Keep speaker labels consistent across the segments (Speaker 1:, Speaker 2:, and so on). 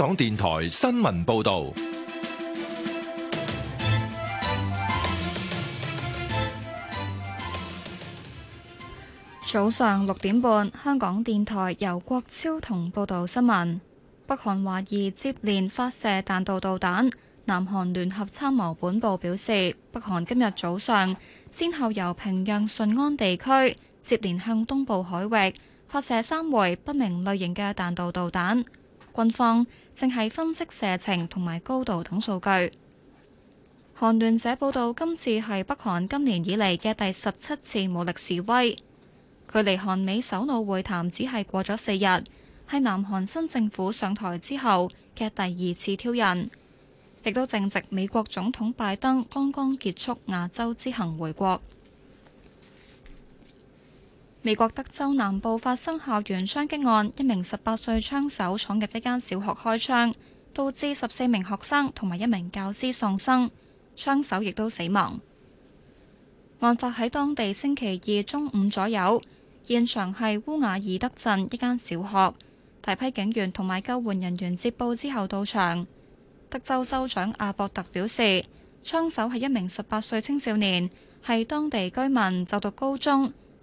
Speaker 1: 港電台新聞報道：
Speaker 2: 早上六點半，香港電台由郭超同報道新聞。北韓懷疑接連發射彈道導彈。南韓聯合參謀本部表示，北韓今日早上先後由平壤、順安地區接連向東部海域發射三枚不明類型嘅彈道導彈。軍方正係分析射程同埋高度等數據。韓聯社報道，今次係北韓今年以嚟嘅第十七次武力示威，距離韓美首腦會談只係過咗四日，係南韓新政府上台之後嘅第二次挑釁，亦都正值美國總統拜登剛剛結束亞洲之行回國。美國德州南部發生校園槍擊案，一名十八歲槍手闖入一間小學開槍，導致十四名學生同埋一名教師喪生，槍手亦都死亡。案發喺當地星期二中午左右，現場係烏瓦爾德鎮一間小學，大批警員同埋救援人員接報之後到場。德州州長阿博特表示，槍手係一名十八歲青少年，係當地居民，就讀高中。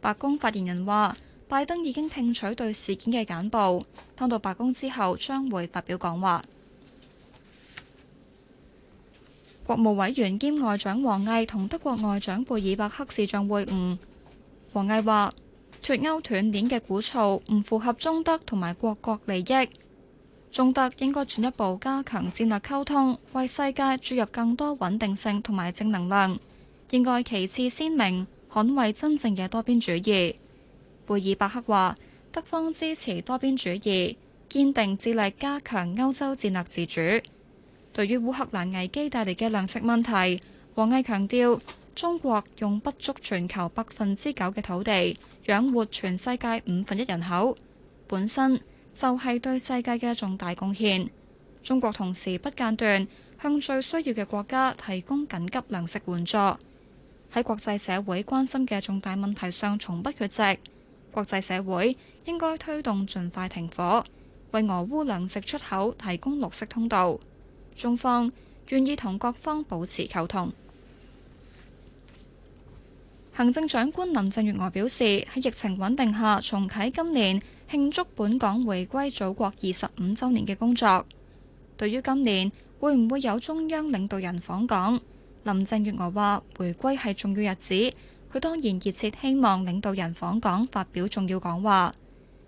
Speaker 2: 白宮發言人話，拜登已經聽取對事件嘅簡報，返到白宮之後將會發表講話。國務委員兼外長王毅同德國外長貝爾伯克視像會晤。王毅話，脫歐斷鏈嘅鼓噪唔符合中德同埋各國利益，中德應該進一步加強戰略溝通，為世界注入更多穩定性同埋正能量，應該旗幟鮮明，捍衛真正嘅多邊主義，貝爾伯克話：德方支持多邊主義，堅定致力加強歐洲戰略自主。對於烏克蘭危機帶嚟嘅糧食問題，王毅強調：中國用不足全球百分之九嘅土地養活全世界五分一人口，本身就係對世界嘅重大貢獻。中國同時不間斷向最需要嘅國家提供緊急糧食援助。喺國際社會關心嘅重大問題上從不缺席。國際社會應該推動盡快停火，為俄烏糧食出口提供綠色通道。中方願意同各方保持溝通。行政長官林鄭月娥表示，喺疫情穩定下，重啟今年慶祝本港回歸祖國二十五週年嘅工作。對於今年會唔會有中央領導人訪港？林鄭月娥話：回歸係重要日子，佢當然熱切希望領導人訪港發表重要講話。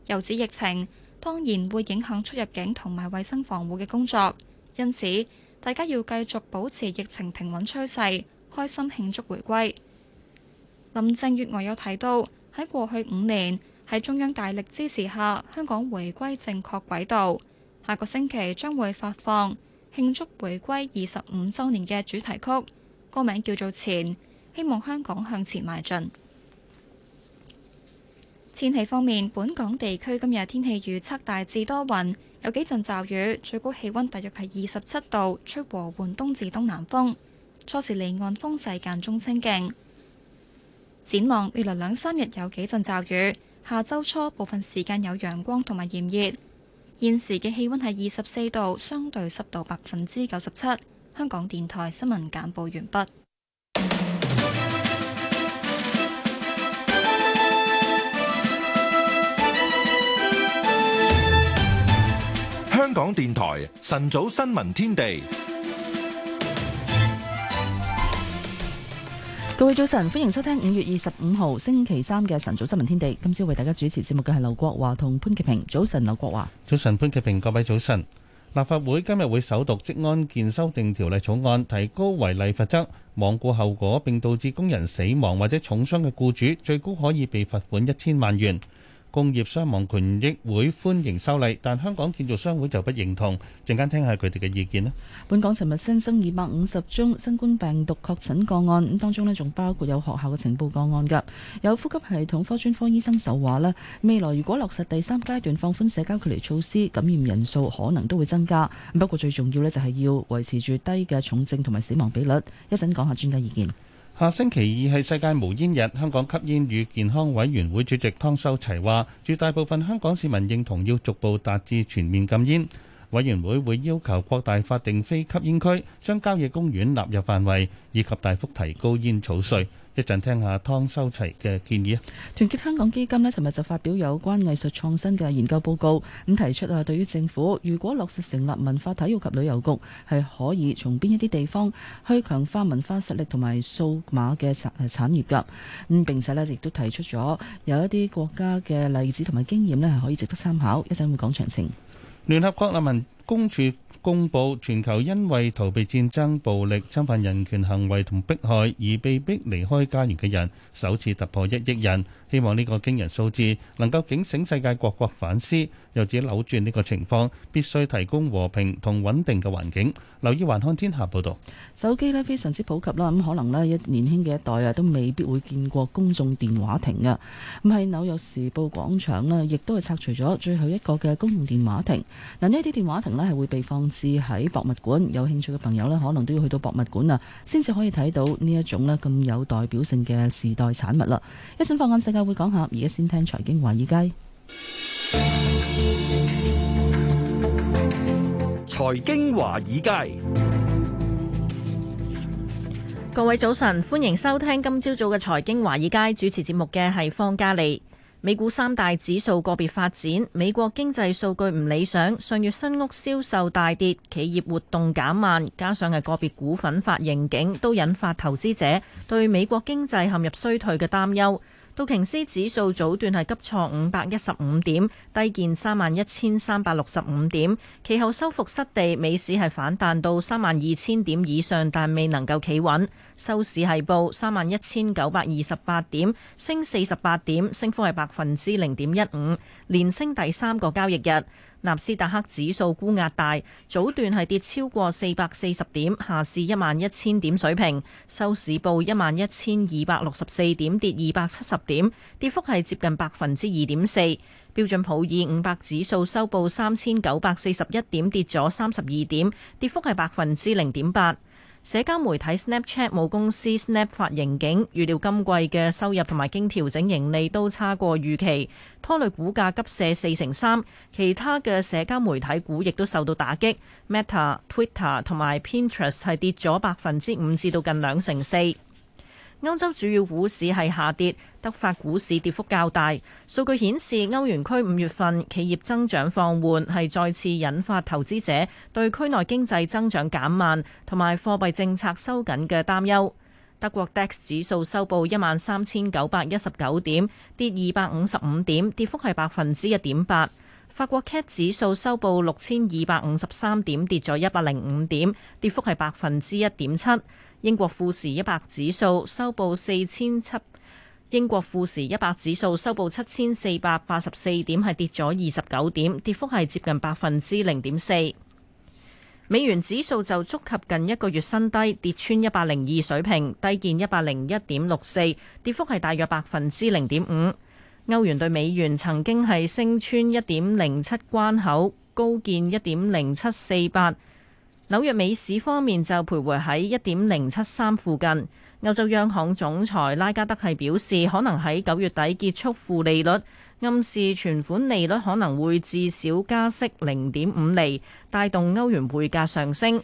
Speaker 2: 又指疫情當然會影響出入境同埋衛生防護嘅工作，因此大家要繼續保持疫情平穩趨勢，開心慶祝回歸。林鄭月娥有提到喺過去五年喺中央大力支持下，香港回歸正確軌道。下個星期將會發放慶祝回歸二十五周年嘅主題曲。歌名叫做《前》，希望香港向前邁進。天氣方面，本港地區今日天氣預測大致多雲，有幾陣驟雨，最高氣温大約係二十七度，吹和緩東至東南風，初時離岸風勢間中清勁。展望未來兩三日有幾陣驟雨，下周初部分時間有陽光同埋炎熱。現時嘅氣温係二十四度，相對濕度百分之九十七。香港電台新聞簡報完畢。
Speaker 1: 香港電台晨早新聞天地，
Speaker 3: 各位早晨，歡迎收聽五月二十五號星期三嘅晨早新聞天地。今朝為大家主持節目嘅係劉國華同潘潔平。早晨，劉國華。
Speaker 4: 早晨，潘潔平。各位早晨。立法會今日會首讀《職安健修訂條例草案》，提高違例罰則，罔顧後果並導致工人死亡或者重傷嘅雇主，最高可以被罰款一千萬元。工業傷亡權益會歡迎修例，但香港建造商會就不認同。陣間聽下佢哋嘅意見啦。
Speaker 3: 本港尋日新增二百五十宗新冠病毒確診個案，咁當中呢仲包括有學校嘅呈報個案㗎。有呼吸系統科專科醫生就話呢未來如果落實第三階段放寬社交距離措施，感染人數可能都會增加。不過最重要呢，就係要維持住低嘅重症同埋死亡比率。一陣講下專家意
Speaker 5: 見。
Speaker 4: 下星期二係世界無煙日，香港吸煙與健康委員會主席湯修齊話，絕大部分香港市民認同要逐步達至全面禁煙。委員會會要求擴大法定非吸煙區，將郊野公園納入範圍，以及大幅提高煙草稅。一陣聽下湯修齊嘅建議啊！
Speaker 3: 團結香港基金呢，尋日就發表有關藝術創新嘅研究報告，咁提出啊，對於政府如果落實成立文化體育及旅遊局，係可以從邊一啲地方去強化文化實力同埋數碼嘅產產業㗎。咁並且呢，亦都提出咗有一啲國家嘅例子同埋經驗呢係可以值得參考。一陣會講詳情。
Speaker 4: 聯合國難民公署。公布全球因為逃避戰爭、暴力、侵犯人權行為同迫害而被逼離開家園嘅人，首次突破一億人。希望呢個驚人數字能夠警醒世界各國反思，又指扭轉呢個情況必須提供和平同穩定嘅環境。留意《還看天下》報道，
Speaker 3: 手機咧非常之普及啦，咁可能咧一年輕嘅一代啊都未必會見過公眾電話亭啊。咁喺紐約時報廣場咧，亦都係拆除咗最後一個嘅公用電話亭。嗱呢一啲電話亭咧係會被放至喺博物館，有興趣嘅朋友咧，可能都要去到博物館啊，先至可以睇到呢一種咧咁有代表性嘅時代產物啦。一陣放眼世界會講下，而家先聽財經華爾街。
Speaker 6: 財經華爾街，
Speaker 7: 各位早晨，歡迎收聽今朝早嘅財經華爾街主持節目嘅係方嘉莉。美股三大指數個別發展，美國經濟數據唔理想，上月新屋銷售大跌，企業活動減慢，加上係個別股份發盈警，都引發投資者對美國經濟陷入衰退嘅擔憂。道瓊斯指數早段係急挫五百一十五點，低見三萬一千三百六十五點。其後收復失地，美市係反彈到三萬二千點以上，但未能夠企穩。收市係報三萬一千九百二十八點，升四十八點，升幅係百分之零點一五，連升第三個交易日。納斯達克指數沽壓大，早段係跌超過四百四十點，下市一萬一千點水平，收市報一萬一千二百六十四點，跌二百七十點，跌幅係接近百分之二點四。標準普爾五百指數收報三千九百四十一點，跌咗三十二點，跌幅係百分之零點八。社交媒體 Snapchat 母公司 Snap 發盈警，預料今季嘅收入同埋經調整盈利都差過預期，拖累股價急跌四成三。其他嘅社交媒體股亦都受到打擊，Meta、Meta, Twitter 同埋 Pinterest 係跌咗百分之五至到近兩成四。歐洲主要股市係下跌，德法股市跌幅較大。數據顯示，歐元區五月份企業增長放緩，係再次引發投資者對區內經濟增長減慢同埋貨幣政策收緊嘅擔憂。德國 DAX 指數收報一萬三千九百一十九點，跌二百五十五點，跌幅係百分之一點八。法國 CAC 指數收報六千二百五十三點，跌咗一百零五點，跌幅係百分之一點七。英國富時一百指數收報四千七，47，英國富時一百指數收報七千四百八十四點，係跌咗二十九點，跌幅係接近百分之零點四。美元指數就觸及近一個月新低，跌穿一百零二水平，低見一百零一點六四，跌幅係大約百分之零點五。歐元對美元曾經係升穿一點零七關口，高見一點零七四八。紐約美市方面就徘徊喺一點零七三附近。歐洲央行總裁拉加德係表示，可能喺九月底結束負利率，暗示存款利率可能會至少加息零點五厘，帶動歐元匯價上升。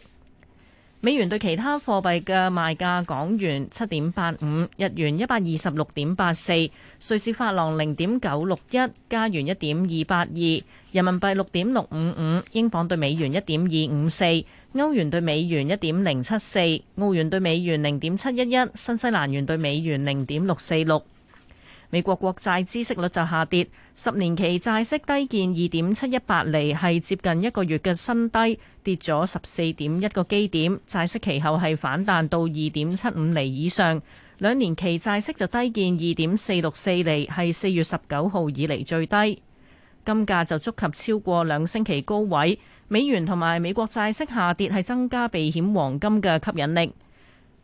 Speaker 7: 美元對其他貨幣嘅賣價：港元七點八五，日元一百二十六點八四，瑞士法郎零點九六一，加元一點二八二，人民幣六點六五五，英鎊對美元一點二五四。歐元對美元一點零七四，澳元對美元零點七一一，新西蘭元對美元零點六四六。美國國債孳息率就下跌，十年期債息低見二點七一八厘，係接近一個月嘅新低，跌咗十四點一個基點。債息其後係反彈到二點七五厘以上。兩年期債息就低見二點四六四厘，係四月十九號以嚟最低。金價就觸及超過兩星期高位。美元同埋美國債息下跌係增加避險黃金嘅吸引力。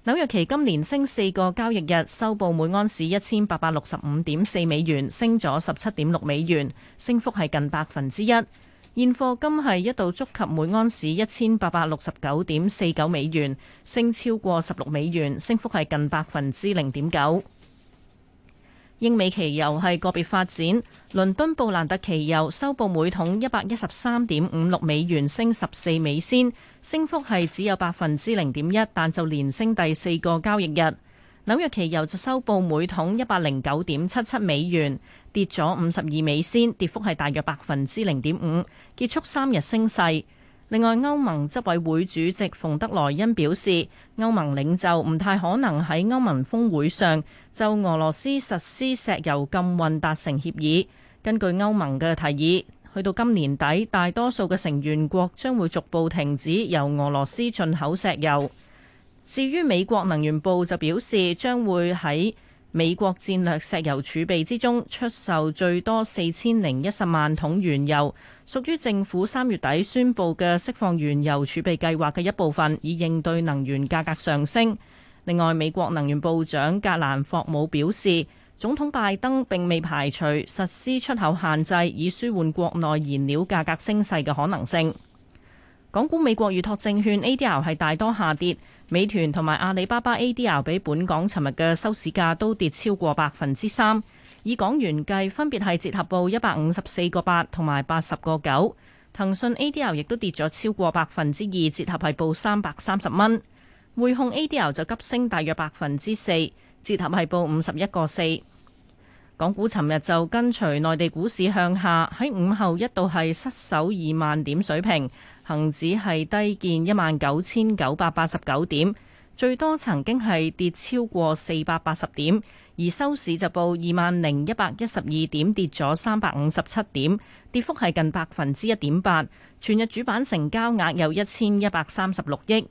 Speaker 7: 紐約期金連升四個交易日，收報每安士一千八百六十五點四美元，升咗十七點六美元，升幅係近百分之一。現貨金係一度觸及每安士一千八百六十九點四九美元，升超過十六美元，升幅係近百分之零點九。英美期油係個別發展，倫敦布蘭特期油收報每桶一百一十三點五六美元，升十四美仙，升幅係只有百分之零點一，但就連升第四個交易日。紐約期油就收報每桶一百零九點七七美元，跌咗五十二美仙，跌幅係大約百分之零點五，結束三日升勢。另外，歐盟執委會主席馮德萊恩表示，歐盟領袖唔太可能喺歐盟峰會上就俄羅斯實施石油禁運達成協議。根據歐盟嘅提議，去到今年底，大多數嘅成員國將會逐步停止由俄羅斯進口石油。至於美國能源部就表示，將會喺美國戰略石油儲備之中出售最多四千零一十萬桶原油，屬於政府三月底宣布嘅釋放原油儲備計劃嘅一部分，以應對能源價格上升。另外，美國能源部長格蘭霍姆表示，總統拜登並未排除實施出口限制，以舒緩國內燃料價格升勢嘅可能性。港股美國預託證券 ADR 係大多下跌。美團同埋阿里巴巴 ADR 比本港尋日嘅收市價都跌超過百分之三，以港元計分別係折合報一百五十四個八同埋八十個九。騰訊 ADR 亦都跌咗超過百分之二，折合係報三百三十蚊。匯控 ADR 就急升大約百分之四，折合係報五十一個四。港股尋日就跟隨內地股市向下，喺午後一度係失守二萬點水平。恒指係低見一萬九千九百八十九點，最多曾經係跌超過四百八十點，而收市就報二萬零一百一十二點，跌咗三百五十七點，跌幅係近百分之一點八。全日主板成交額有一千一百三十六億。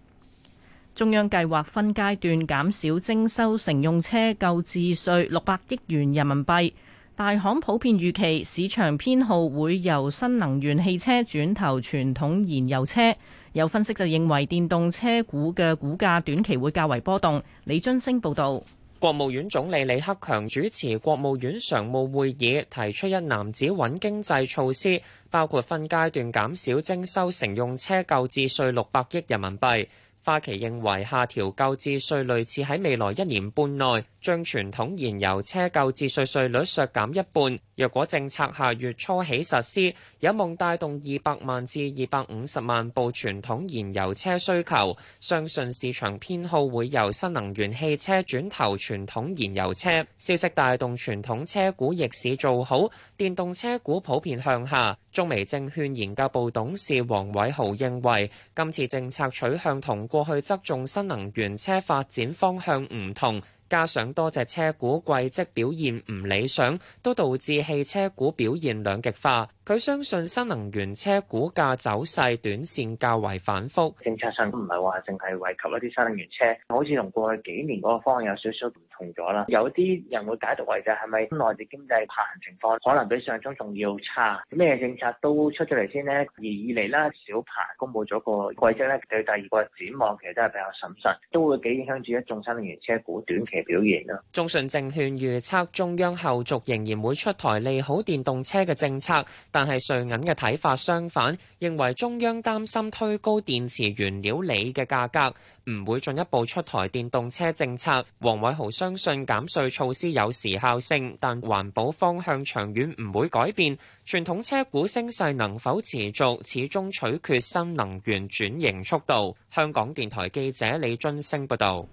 Speaker 7: 中央計劃分階段減少徵收乘用車購置稅六百億元人民幣。大行普遍預期市場偏好會由新能源汽車轉投傳統燃油車，有分析就認為電動車股嘅股價短期會較為波動。李津星報導，國務院總理李克強主持國
Speaker 5: 務院常務會議，提出一攬子穩經濟措施，包括分階段減少徵收乘用車購置稅六百億人民幣。花旗認為，下調購置稅類似喺未來一年半內，將傳統燃油車購置稅稅率削減一半。若果政策下月初起實施，有望帶動二百萬至二百五十萬部傳統燃油車需求，相信市場偏好會由新能源汽車轉投傳統燃油車，消息帶動傳統車股逆市做好，電動車股普遍向下。中美證券研究部董事黃偉豪認為，今次政策取向同過去側重新能源車發展方向唔同。加上多隻車股季績表現唔理想，都導致汽車股表現兩極化。佢相信新能源車股價走勢短線較為反覆。政策上唔係話淨係惠及一啲新能源車，好似同過去幾年嗰個方向有少少唔同。同咗啦，有啲人會解讀為就係咪內地經濟下行情況，可能比上週仲要差。咩政策都出出嚟先呢？而以嚟啦，小鵬公布咗個季績咧，對第二個展望其實都係比較謹慎，都會幾影響住一眾新能源車股短期表現咯。中信證券預測中央後續仍然會出台利好電動車嘅政策，但係瑞銀嘅睇法相反，認為中央擔心推高電池原料鋰嘅價格，唔會進一步出台電動車政策。黃偉豪相信減稅措施有時效性，但環保方向長遠唔會改變。傳統車股升勢能否持續，始終取決新能源轉型速度。香港電台記者李津升報導。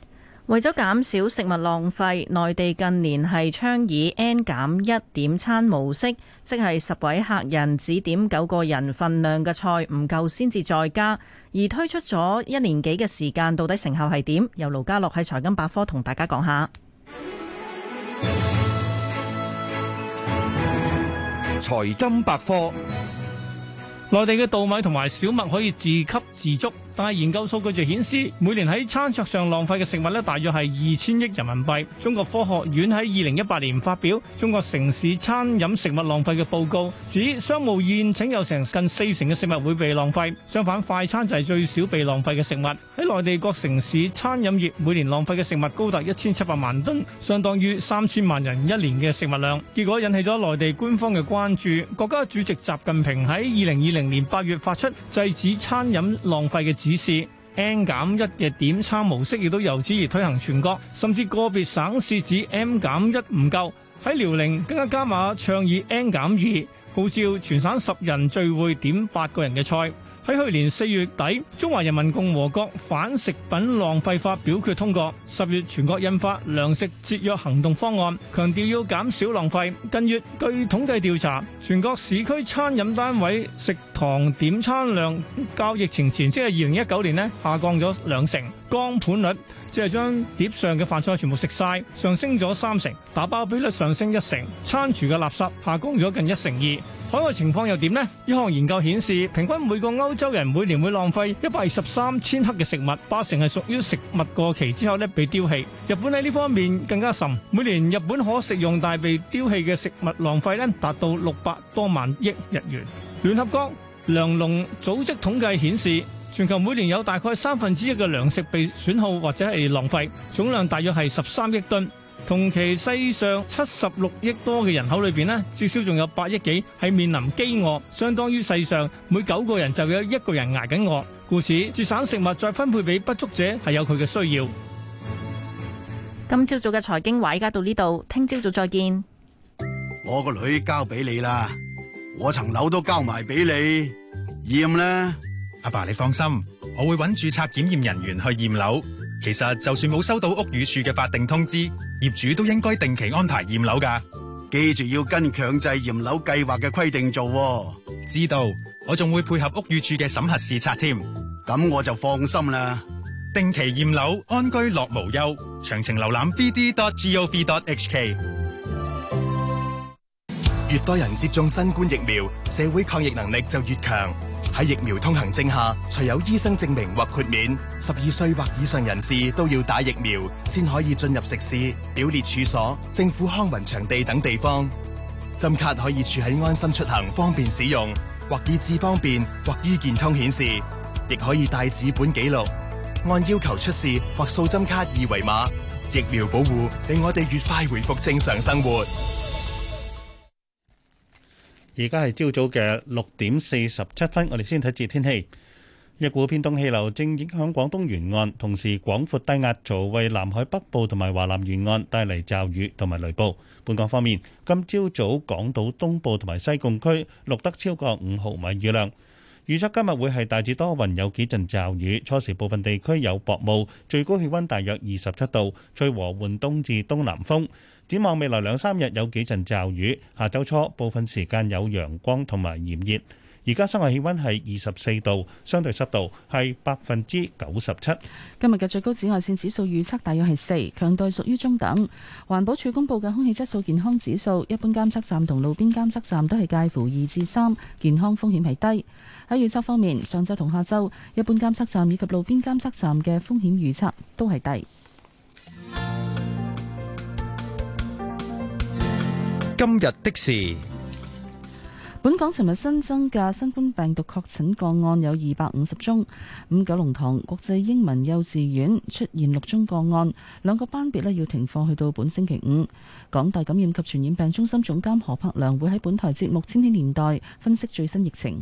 Speaker 7: 為咗減少食物浪費，內地近年係提倡 N 減一點餐模式，即係十位客人只點九個人份量嘅菜，唔夠先至再加。而推出咗一年幾嘅時間，到底成效係點？由盧家樂喺財金百科同大家講下。
Speaker 6: 財金百科，內
Speaker 1: 地嘅稻米同埋小麥可以自給自足。但係研究數據就顯示，每年喺餐桌上浪費嘅食物呢，大約係二千億人民幣。中國科學院喺二零一八年發表《中國城市餐飲食物浪費嘅報告》，指商務宴請有成近四成嘅食物會被浪費。相反，快餐就係最少被浪費嘅食物。喺內地各城市，餐飲業每年浪費嘅食物高達一千七百萬噸，相當於三千萬人一年嘅食物量。結果引起咗內地官方嘅關注。國家主席習近平喺二零二零年八月發出制止餐飲浪費嘅指示 N 減一嘅點餐模式，亦都由此而推行全國，甚至個別省市指 N 減一唔夠，喺遼寧更加加碼倡議 N 減二，2，號召全省十人聚會點八個人嘅菜。喺去年四月底，中華人民共和國反食品浪費法表決通過。十月全國印發糧食節約行動方案，強調要減少浪費。近月據統計調查，全國市區餐飲單位食堂點餐量較疫情前，即係二零一九年呢，下降咗兩成，光盤率。即係將碟上嘅飯菜全部食晒，上升咗三成，打包比率上升一成，餐廚嘅垃圾下降咗近一成二。海外情況又點呢？呢項研究顯示，平均每個歐洲人每年會浪費一百二十三千克嘅食物，八成係屬於食物過期之後呢被丟棄。日本喺呢方面更加甚，每年日本可食用但被丟棄嘅食物浪費呢達到六百多萬億日元。聯合國糧農組織統計顯示。全球每年有大概三分之一嘅糧食被損耗或者係浪費，總量大約係十三億噸。同期世上七十六億多嘅人口裏邊呢，至少仲有八億幾係面臨飢餓，相當於世上每九個人就有一個人挨緊餓。故此，節省食物再分配俾不足者，係有佢嘅需要。
Speaker 7: 今朝早嘅財經話，而家到呢度，聽朝早再見。
Speaker 1: 我個女交俾你啦，我層樓都交埋俾你，
Speaker 8: 厭啦。阿爸，爸，你放心，我會揾注冊檢驗人員去驗樓。其實就算冇收到屋宇署嘅法定通知，業主都應該定期安排驗樓噶。記住要跟強制驗樓計劃嘅規定做。哦，知道，我仲會配合屋宇署嘅審核視察添。咁我就放心啦。定期驗樓，
Speaker 4: 安居樂無憂。詳情瀏覽 bd.gov.hk。越多人接種新冠疫苗，社會抗疫能力就越強。喺疫苗通行證下，除有醫生證明或豁免，十二歲或以上人士都要打疫苗，先可以進入食肆、表列處所、政府康文場地等地
Speaker 9: 方。針卡可以儲喺安心出行，方便使用，或以智方便，
Speaker 4: 或醫健通顯示，亦可以帶紙本記錄，按要求出示或掃針卡二維碼。疫苗保護令我哋越快回復正常生活。而家係朝早嘅六點四十七分，我哋先睇住天氣。一股偏東氣流正影響廣東沿岸，同時廣闊低壓槽為南海北部同埋華南沿岸帶嚟驟雨同埋雷暴。本港方面，今朝早港島東部同埋西貢區錄得超過五毫米雨量。預測今日會係大致多雲，有幾陣驟雨，初時部分地區有薄霧，最高氣溫大約二十七度，吹和緩東至東南風。展望未來兩三日有幾陣驟雨，下周初部分時間有陽光同埋炎熱。而家室外氣溫係二十四度，相對濕度係百分之九十七。
Speaker 3: 今日嘅最高紫外線指數預測大約係四，強度屬於中等。環保署公布嘅空氣質素健康指數，一般監測站同路邊監測站都係介乎二至三，健康風險係低。喺預測方面，上週同下週一般監測站以及路邊監測站嘅風險預測都係低。
Speaker 8: 今日的事，
Speaker 3: 本港尋日新增嘅新冠病毒確診個案有二百五十宗。五九龍塘國際英文幼稚園出現六宗個案，兩個班別咧要停課去到本星期五。港大感染及傳染病中心總監何柏良會喺本台節目《千禧年代》分析最新疫情。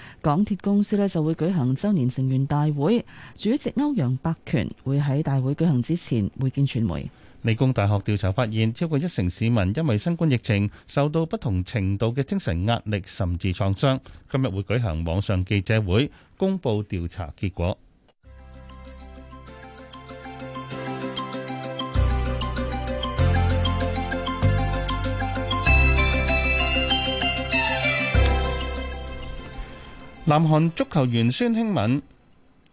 Speaker 3: 港鐵公司咧，就會舉行周年成員大會，主席歐陽伯權會喺大會舉行之前會見傳媒。
Speaker 4: 理工大學調查發現，超過一成市民因為新冠疫情受到不同程度嘅精神壓力，甚至創傷，今日會舉行網上記者會，公佈調查結果。南韓足球員孫興慜。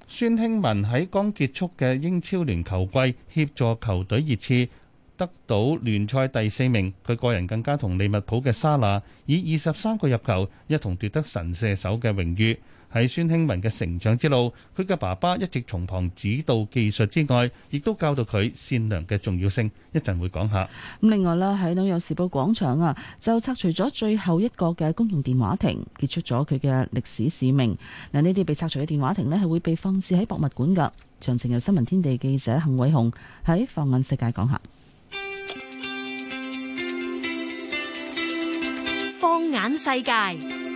Speaker 4: 孫興慜喺剛結束嘅英超聯球季協助球隊熱刺得到聯賽第四名，佢個人更加同利物浦嘅沙拿以二十三個入球一同奪得神射手嘅榮譽。喺孫興文嘅成長之路，佢嘅爸爸一直從旁指導技術之外，亦都教導佢善良嘅重要性。一陣會講下。咁
Speaker 3: 另外咧，喺《紐約時報廣場》啊，就拆除咗最後一個嘅公用電話亭，結束咗佢嘅歷史使命。嗱，呢啲被拆除嘅電話亭咧，係會被放置喺博物館噶。詳情由新聞天地記者幸偉雄喺放眼世界講下。
Speaker 10: 放眼世界。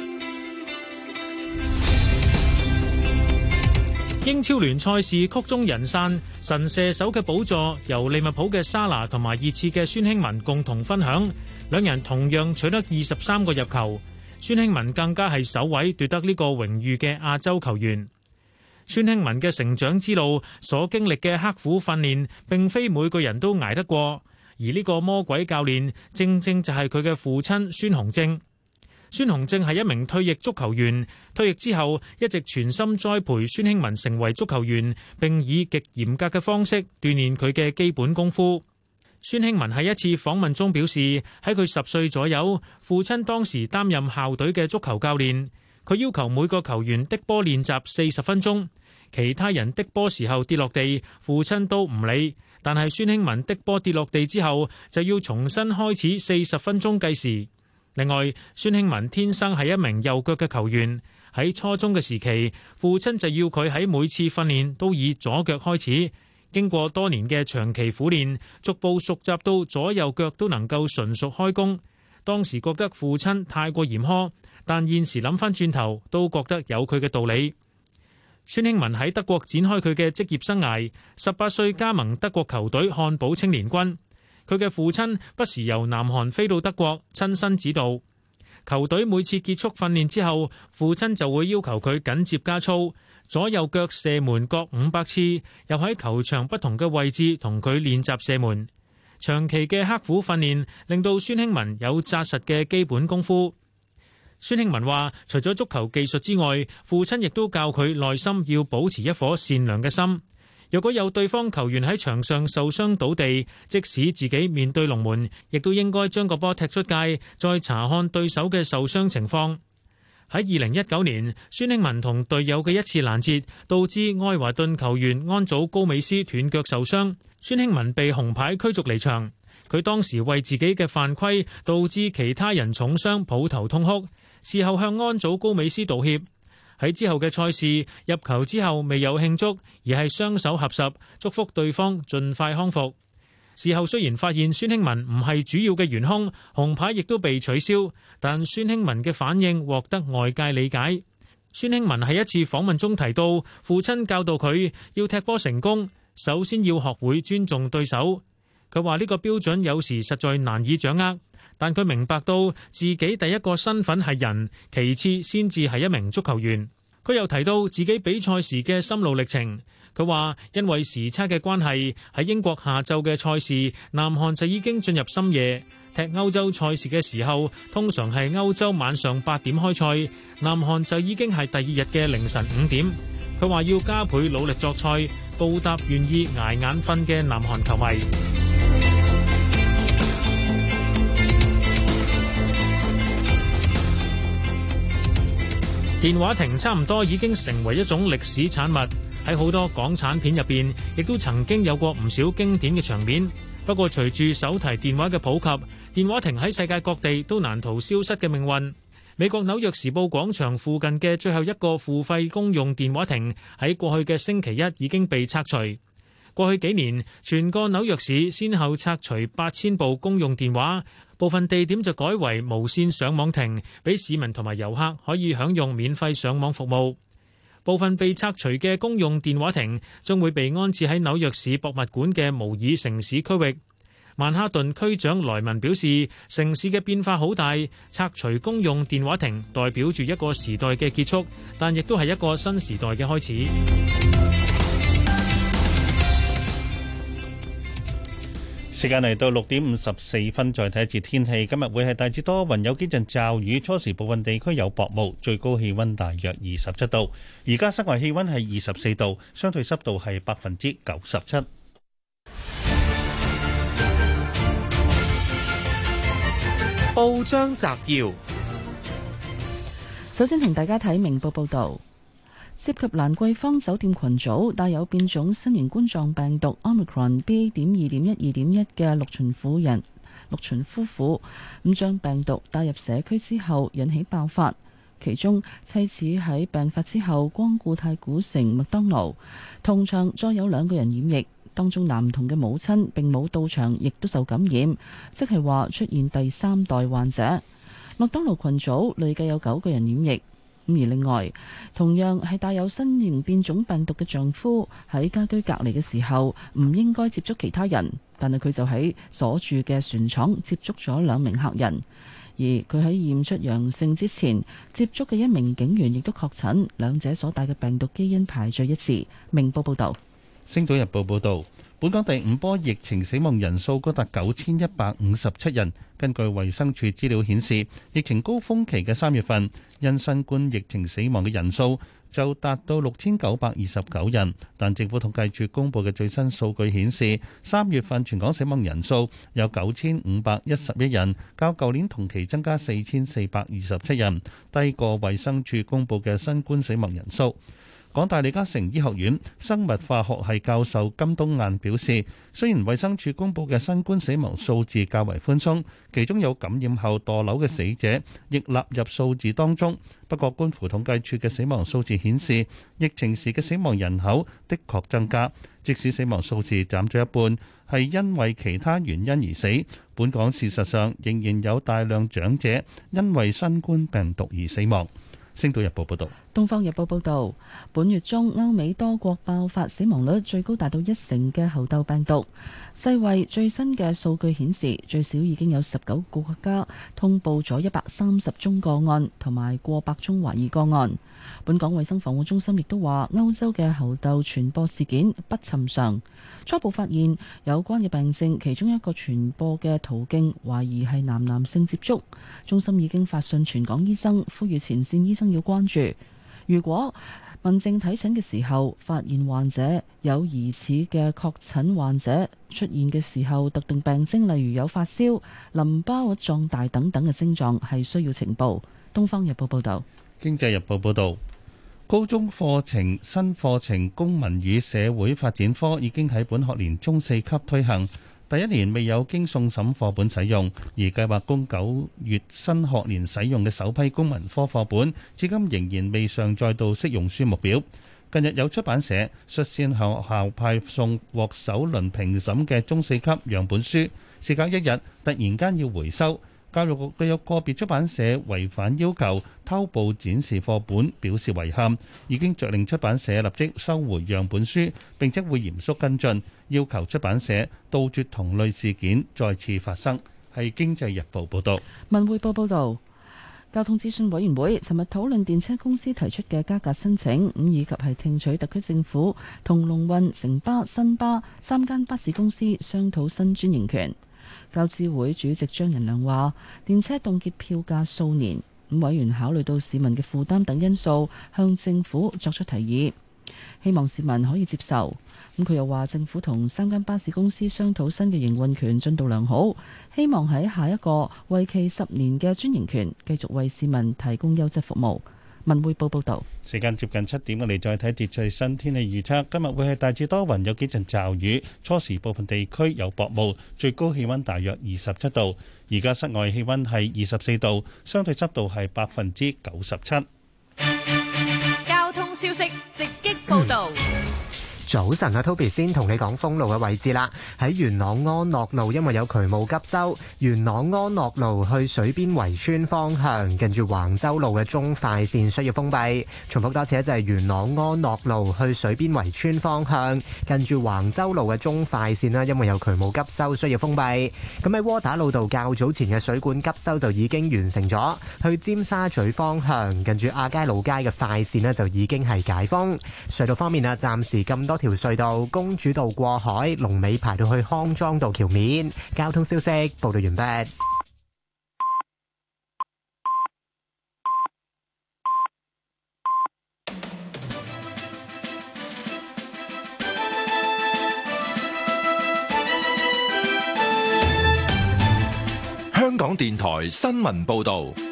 Speaker 8: 英超聯賽事曲終人散，神射手嘅寶座由利物浦嘅莎拿同埋熱刺嘅孫興文共同分享，兩人同樣取得二十三個入球，孫興文更加係首位奪得呢個榮譽嘅亞洲球員。孫興文嘅成長之路所經歷嘅刻苦訓練，並非每個人都捱得過，而呢個魔鬼教練正正就係佢嘅父親孫洪正。孫雄正係一名退役足球員，退役之後一直全心栽培孫興文成為足球員，並以極嚴格嘅方式鍛煉佢嘅基本功夫。孫興文喺一次訪問中表示，喺佢十歲左右，父親當時擔任校隊嘅足球教練，佢要求每個球員踢波練習四十分鐘，其他人踢波時候跌落地，父親都唔理，但係孫興文踢波跌落地之後就要重新開始四十分鐘計時。另外，孫興文天生係一名右腳嘅球員。喺初中嘅時期，父親就要佢喺每次訓練都以左腳開始。經過多年嘅長期苦練，逐步熟習到左右腳都能夠純熟開弓。當時覺得父親太過嚴苛，但現時諗返轉頭，都覺得有佢嘅道理。孫興文喺德國展開佢嘅職業生涯，十八歲加盟德國球隊漢堡青年軍。佢嘅父親不時由南韓飛到德國親身指導球隊，每次結束訓練之後，父親就會要求佢緊接加操，左右腳射門各五百次，又喺球場不同嘅位置同佢練習射門。長期嘅刻苦訓練令到孫興文有紮實嘅基本功夫。孫興文話：除咗足球技術之外，父親亦都教佢內心要保持一顆善良嘅心。若果有對方球員喺場上受傷倒地，即使自己面對龍門，亦都應該將個波踢出界，再查看對手嘅受傷情況。喺二零一九年，孫興文同隊友嘅一次攔截，導致愛華頓球員安祖高美斯斷腳受傷，孫興文被紅牌驅逐離場。佢當時為自己嘅犯規導致其他人重傷，抱頭痛哭，事後向安祖高美斯道歉。喺之後嘅賽事，入球之後未有慶祝，而係雙手合十祝福對方盡快康復。事後雖然發現孫興文唔係主要嘅元兇，紅牌亦都被取消，但孫興文嘅反應獲得外界理解。孫興文喺一次訪問中提到，父親教導佢要踢波成功，首先要學會尊重對手。佢話呢個標準有時實在難以掌握。但佢明白到自己第一個身份係人，其次先至係一名足球員。佢又提到自己比賽時嘅心路歷程。佢話因為時差嘅關係，喺英國下晝嘅賽事，南韓就已經進入深夜。踢歐洲賽事嘅時候，通常係歐洲晚上八點開賽，南韓就已經係第二日嘅凌晨五點。佢話要加倍努力作賽，報答願意挨眼瞓嘅南韓球迷。電話亭差唔多已經成為一種歷史產物，喺好多港產片入邊，亦都曾經有過唔少經典嘅場面。不過，隨住手提電話嘅普及，電話亭喺世界各地都難逃消失嘅命運。美國紐約時報廣場附近嘅最後一個付費公用電話亭，喺過去嘅星期一已經被拆除。過去幾年，全個紐約市先後拆除八千部公用電話，部分地點就改為無線上網亭，俾市民同埋遊客可以享用免費上網服務。部分被拆除嘅公用電話亭將會被安置喺紐約市博物館嘅模擬城市區域。曼哈頓區長萊文表示，城市嘅變化好大，拆除公用電話亭代表住一個時代嘅結束，但亦都係一個新
Speaker 4: 時代嘅開始。時間嚟到六點五十四分，再睇一次天氣。今日會係大致多雲，有幾陣驟雨。初時部分地區有薄霧，最高氣溫大約二十七度。而家室外氣溫係二十四度，相對濕度係百分之九十七。
Speaker 11: 報章摘要，
Speaker 3: 首先同大家睇明報報道。涉及蘭桂坊酒店群組帶有變種新型冠狀病毒奧密克戎 BA. 點二點一二點一嘅六旬婦人，六旬夫婦，咁將病毒帶入社區之後引起爆發。其中妻子喺病發之後光顧太古城麥當勞，同場再有兩個人染疫，當中男童嘅母親並冇到場，亦都受感染，即係話出現第三代患者。麥當勞群組累計有九個人染疫。咁而另外，同樣係帶有新型變種病毒嘅丈夫喺家居隔離嘅時候，唔應該接觸其他人，但係佢就喺所住嘅船廠接觸咗兩名客人，而佢喺驗出陽性之前接觸嘅一名警員亦都確診，兩者所帶嘅病毒基因排序一致。明報報道。
Speaker 4: 《星島日報》報道。本港第五波疫情死亡人數高達九千一百五十七人。根據衛生署資料顯示，疫情高峰期嘅三月份，因新冠疫情死亡嘅人數就達到六千九百二十九人。但政府統計處公布嘅最新數據顯示，三月份全港死亡人數有九千五百一十一人，較舊年同期增加四千四百二十七人，低過衛生署公布嘅新冠死亡人數。港大李嘉誠醫學院生物化學系教授金冬雁表示，雖然衛生署公布嘅新冠死亡數字較為寬鬆，其中有感染後墮樓嘅死者亦納入數字當中。不過，政府統計處嘅死亡數字顯示，疫情時嘅死亡人口的確增加。即使死亡數字減咗一半，係因為其他原因而死，本港事實上仍然有大量長者因為新冠病毒而死亡。星島日報報道，
Speaker 3: 東方日報報道，本月中歐美多國爆發死亡率最高達到一成嘅猴痘病毒。世衛最新嘅數據顯示，最少已經有十九個國家通報咗一百三十宗個案，同埋過百宗懷疑個案。本港衛生防護中心亦都話，歐洲嘅猴痘傳播事件不尋常。初步發現有關嘅病症，其中一個傳播嘅途徑懷疑係男男性接觸。中心已經發信全港醫生，呼籲前線醫生要關注。如果問診睇診嘅時候發現患者有疑似嘅確診患者出現嘅時候特定病徵，例如有發燒、淋巴核壯大等等嘅症狀，係需要情報。東方日報報道。
Speaker 4: 經濟日報報導，高中課程新課程公民與社會發展科已經喺本學年中四級推行，第一年未有經送審課本使用，而計劃供九月新學年使用嘅首批公民科課，課本，至今仍然未上載到適用書目表。近日有出版社率先向學校派送獲首輪評審嘅中四級樣本書，事隔一日突然間要回收。教育局對有個別出版社違反要求偷步展示課本表示遺憾，已經著令出版社立即收回樣本書，並且會嚴肅跟進，要求出版社杜絕同類事件再次發生。係《經濟日報》報導，
Speaker 3: 《文匯報》報導，交通諮詢委員會尋日討論電車公司提出嘅加價申請，咁以及係聽取特區政府同龍運、城巴、新巴三間巴士公司商討新專營權。教資會主席張仁良話：電車凍結票價數年，咁委員考慮到市民嘅負擔等因素，向政府作出提議，希望市民可以接受。咁佢又話，政府同三間巴士公司商討新嘅營運權進度良好，希望喺下一個為期十年嘅專營權繼續為市民提供優質服務。文匯報報道，
Speaker 4: 時間接近七點，我哋再睇最新天氣預測。今日會係大致多雲，有幾陣驟雨，初時部分地區有薄霧，最高氣溫大約二十七度。而家室外氣溫係二十四度，相對濕度係百分之九十七。
Speaker 2: 交通消息
Speaker 7: 直擊報道。
Speaker 12: 早晨啊，Toby 先同你講封路嘅位置啦。喺元朗安樂路，因為有渠務急修，元朗安樂路去水邊圍村方向，近住橫州路嘅中快線需要封閉。重複多次，就係元朗安樂路去水邊圍村方向，近住橫州路嘅中快線啦，因為有渠務急修需要封閉。咁喺窩打老道較早前嘅水管急修就已經完成咗，去尖沙咀方向，近住亞皆老街嘅快線呢就已經係解封。隧道方面啊，暫時咁多。條隧道、公主道過海、龍尾排到去康莊道橋面，交通消息報道完畢。
Speaker 1: 香港電台新聞報道。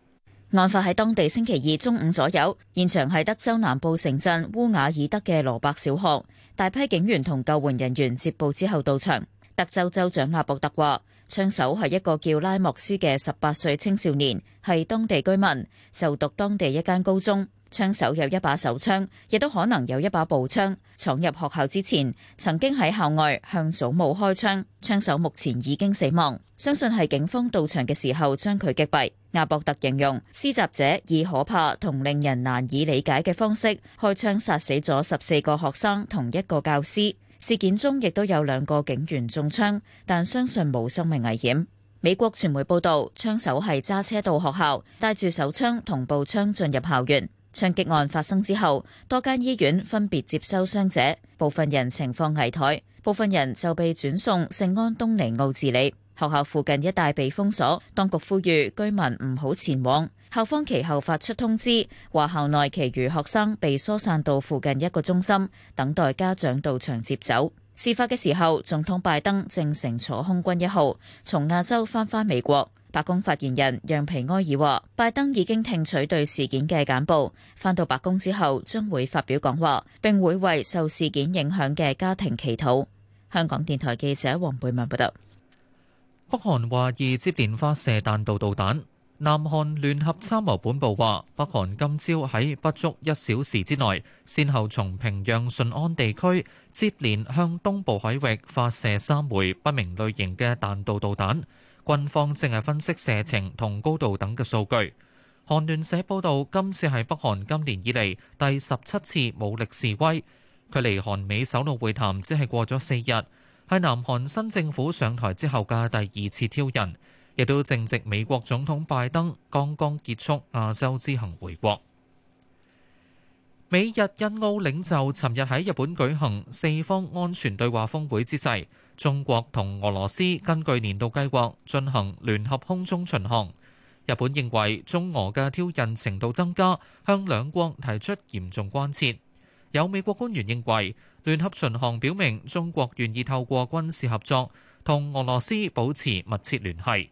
Speaker 13: 案發喺當地星期二中午左右，現場係德州南部城鎮烏瓦爾德嘅羅伯小學，大批警員同救援人員接報之後到場。德州州長阿博特話，槍手係一個叫拉莫斯嘅十八歲青少年，係當地居民，就讀當地一間高中。槍手有一把手槍，亦都可能有一把步槍。闖入學校之前，曾經喺校外向祖母開槍。槍手目前已經死亡，相信係警方到場嘅時候將佢擊斃。亞博特形容，施襲者以可怕同令人難以理解嘅方式開槍殺死咗十四個學生同一個教師。事件中亦都有兩個警員中槍，但相信冇生命危險。美國傳媒報道，槍手係揸車到學校，帶住手槍同步槍進入校園。槍擊案發生之後，多間醫院分別接收傷者，部分人情況危殆，部分人就被轉送聖安東尼奧治理。學校附近一帶被封鎖，當局呼籲居民唔好前往。校方其後發出通知，話校內其餘學生被疏散到附近一個中心，等待家長到場接走。事發嘅時候，總統拜登正乘坐空軍一號從亞洲翻返美國。白宮發言人讓皮埃爾話：拜登已經聽取對事件嘅簡報，翻到白宮之後將會發表講話，並會為受事件影響嘅家庭祈禱。香港電台記
Speaker 11: 者黃貝文報道。北韓懷疑接連發射彈道導彈。南韓聯合參謀本部話，北韓今朝喺不足一小時之內，先後從平壤順安地區接連向東部海域發射三枚不明類型嘅彈道導彈。軍方淨係分析射程同高度等嘅數據。韓聯社報道，今次係北韓今年以嚟第十七次武力示威，距離韓美首腦會談只係過咗四日，係南韓新政府上台之後嘅第二次挑釁，亦都正值美國總統拜登剛剛結束亞洲之行回國。美日印澳領袖尋日喺日本舉行四方安全對話峰會之際。中國同俄羅斯根據年度計劃進行聯合空中巡航。日本認為中俄嘅挑釁程度增加，向兩國提出嚴重關切。有美國官員認為，聯合巡航表明中國願意透過軍事合作同俄羅斯保持密切聯繫。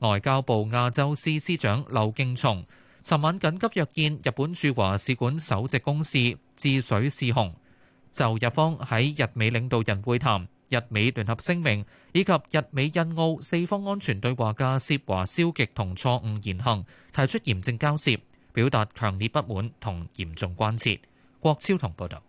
Speaker 11: 外交部亞洲司司長劉敬松尋晚緊急約見日本駐華使館首席公使志水士雄，就日方喺日美領導人會談。日美聯合聲明以及日美印澳四方安全對話嘅涉華消極同錯誤言行，提出嚴正交涉，表達強烈不滿同嚴重關切。郭超同報導，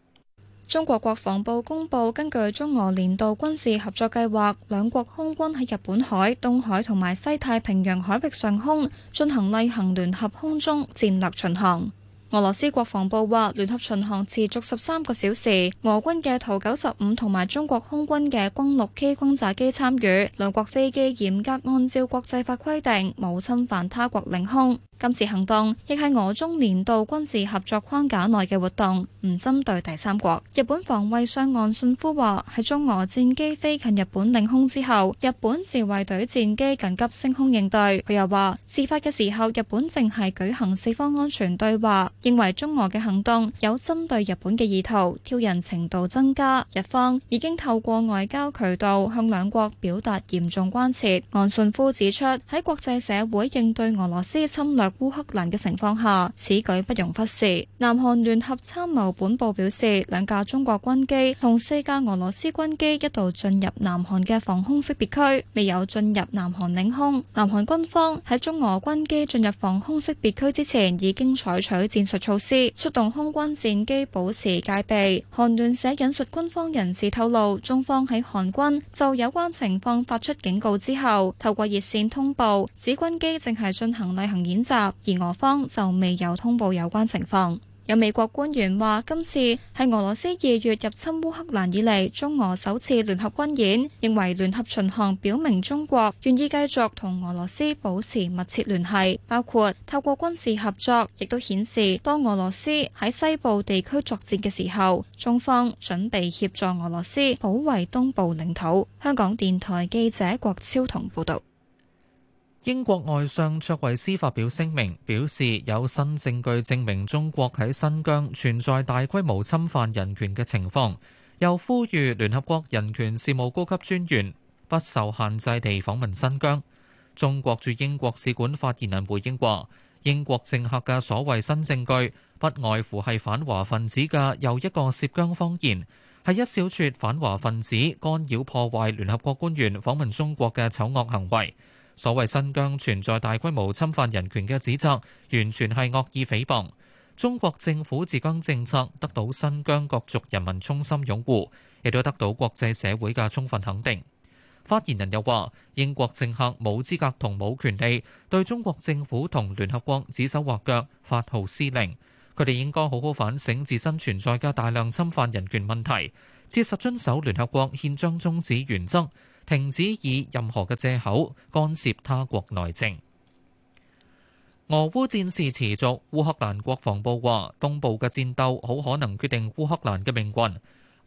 Speaker 2: 中國國防部公布，根據中俄年度軍事合作計劃，兩國空軍喺日本海、東海同埋西太平洋海域上空進行例行聯合空中戰略巡航。俄羅斯國防部話，聯合巡航持續十三個小時，俄軍嘅圖九十五同埋中國空軍嘅轟六 K 轟炸機參與，兩國飛機嚴格按照國際法規定，冇侵犯他國領空。今次行動亦係俄中年度軍事合作框架內嘅活動，唔針對第三國。日本防衛相岸信夫話：喺中俄戰機飛近日本領空之後，日本自衛隊戰機緊急升空應對。佢又話：事發嘅時候，日本正係舉行四方安全對話，認為中俄嘅行動有針對日本嘅意圖，挑釁程度增加。日方已經透過外交渠道向兩國表達嚴重關切。岸信夫指出：喺國際社會應對俄羅斯侵略烏克蘭嘅情況下，此舉不容忽視。南韓聯合參謀本部表示，兩架中國軍機同四架俄羅斯軍機一度進入南韓嘅防空識別區，未有進入南韓領空。南韓軍方喺中俄軍機進入防空識別區之前，已經採取戰術措施，出動空軍戰機保持戒備。韓聯社引述軍方人士透露，中方喺韓軍就有關情況發出警告之後，透過熱線通報，指軍機正係進行例行演習。而俄方就未有通報有關情況。有美國官員話，今次係俄羅斯二月入侵烏克蘭以嚟中俄首次聯合軍演，認為聯合巡航表明中國願意繼續同俄羅斯保持密切聯繫，包括透過軍事合作，亦都顯示當俄羅斯喺西部地區作戰嘅時候，中方準備協助俄羅斯保衛東部領土。香港電台記者郭超同報道。
Speaker 11: 英國外相卓慧思發表聲明，表示有新證據證明中國喺新疆存在大規模侵犯人權嘅情況，又呼籲聯合國人權事務高級專員不受限制地訪問新疆。中國駐英國使館發言人回應話：英國政客嘅所謂新證據，不外乎係反華分子嘅又一個涉疆謊言，係一小撮反華分子干擾破壞聯合國官員訪問中國嘅醜惡行為。所謂新疆存在大規模侵犯人權嘅指責，完全係惡意誹謗。中國政府治疆政策得到新疆各族人民衷心擁護，亦都得到國際社會嘅充分肯定。發言人又話：英國政客冇資格同冇權利對中國政府同聯合國指手畫腳、發號施令。佢哋應該好好反省自身存在嘅大量侵犯人權問題，切實遵守聯合國憲章宗旨原則。停止以任何嘅借口干涉他國內政。俄烏戰事持續，烏克蘭國防部話東部嘅戰鬥好可能決定烏克蘭嘅命運。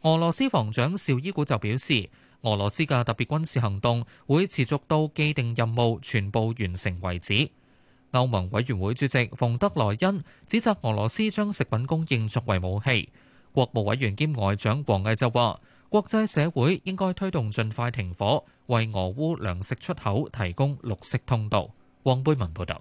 Speaker 11: 俄羅斯防長邵伊古就表示，俄羅斯嘅特別軍事行動會持續到既定任務全部完成為止。歐盟委員會主席馮德萊恩指責俄羅斯將食品供應作為武器。國務委員兼外長王毅就話。國際社會應該推動盡快停火，為俄烏糧食出口提供綠色通道。黃貝文報導。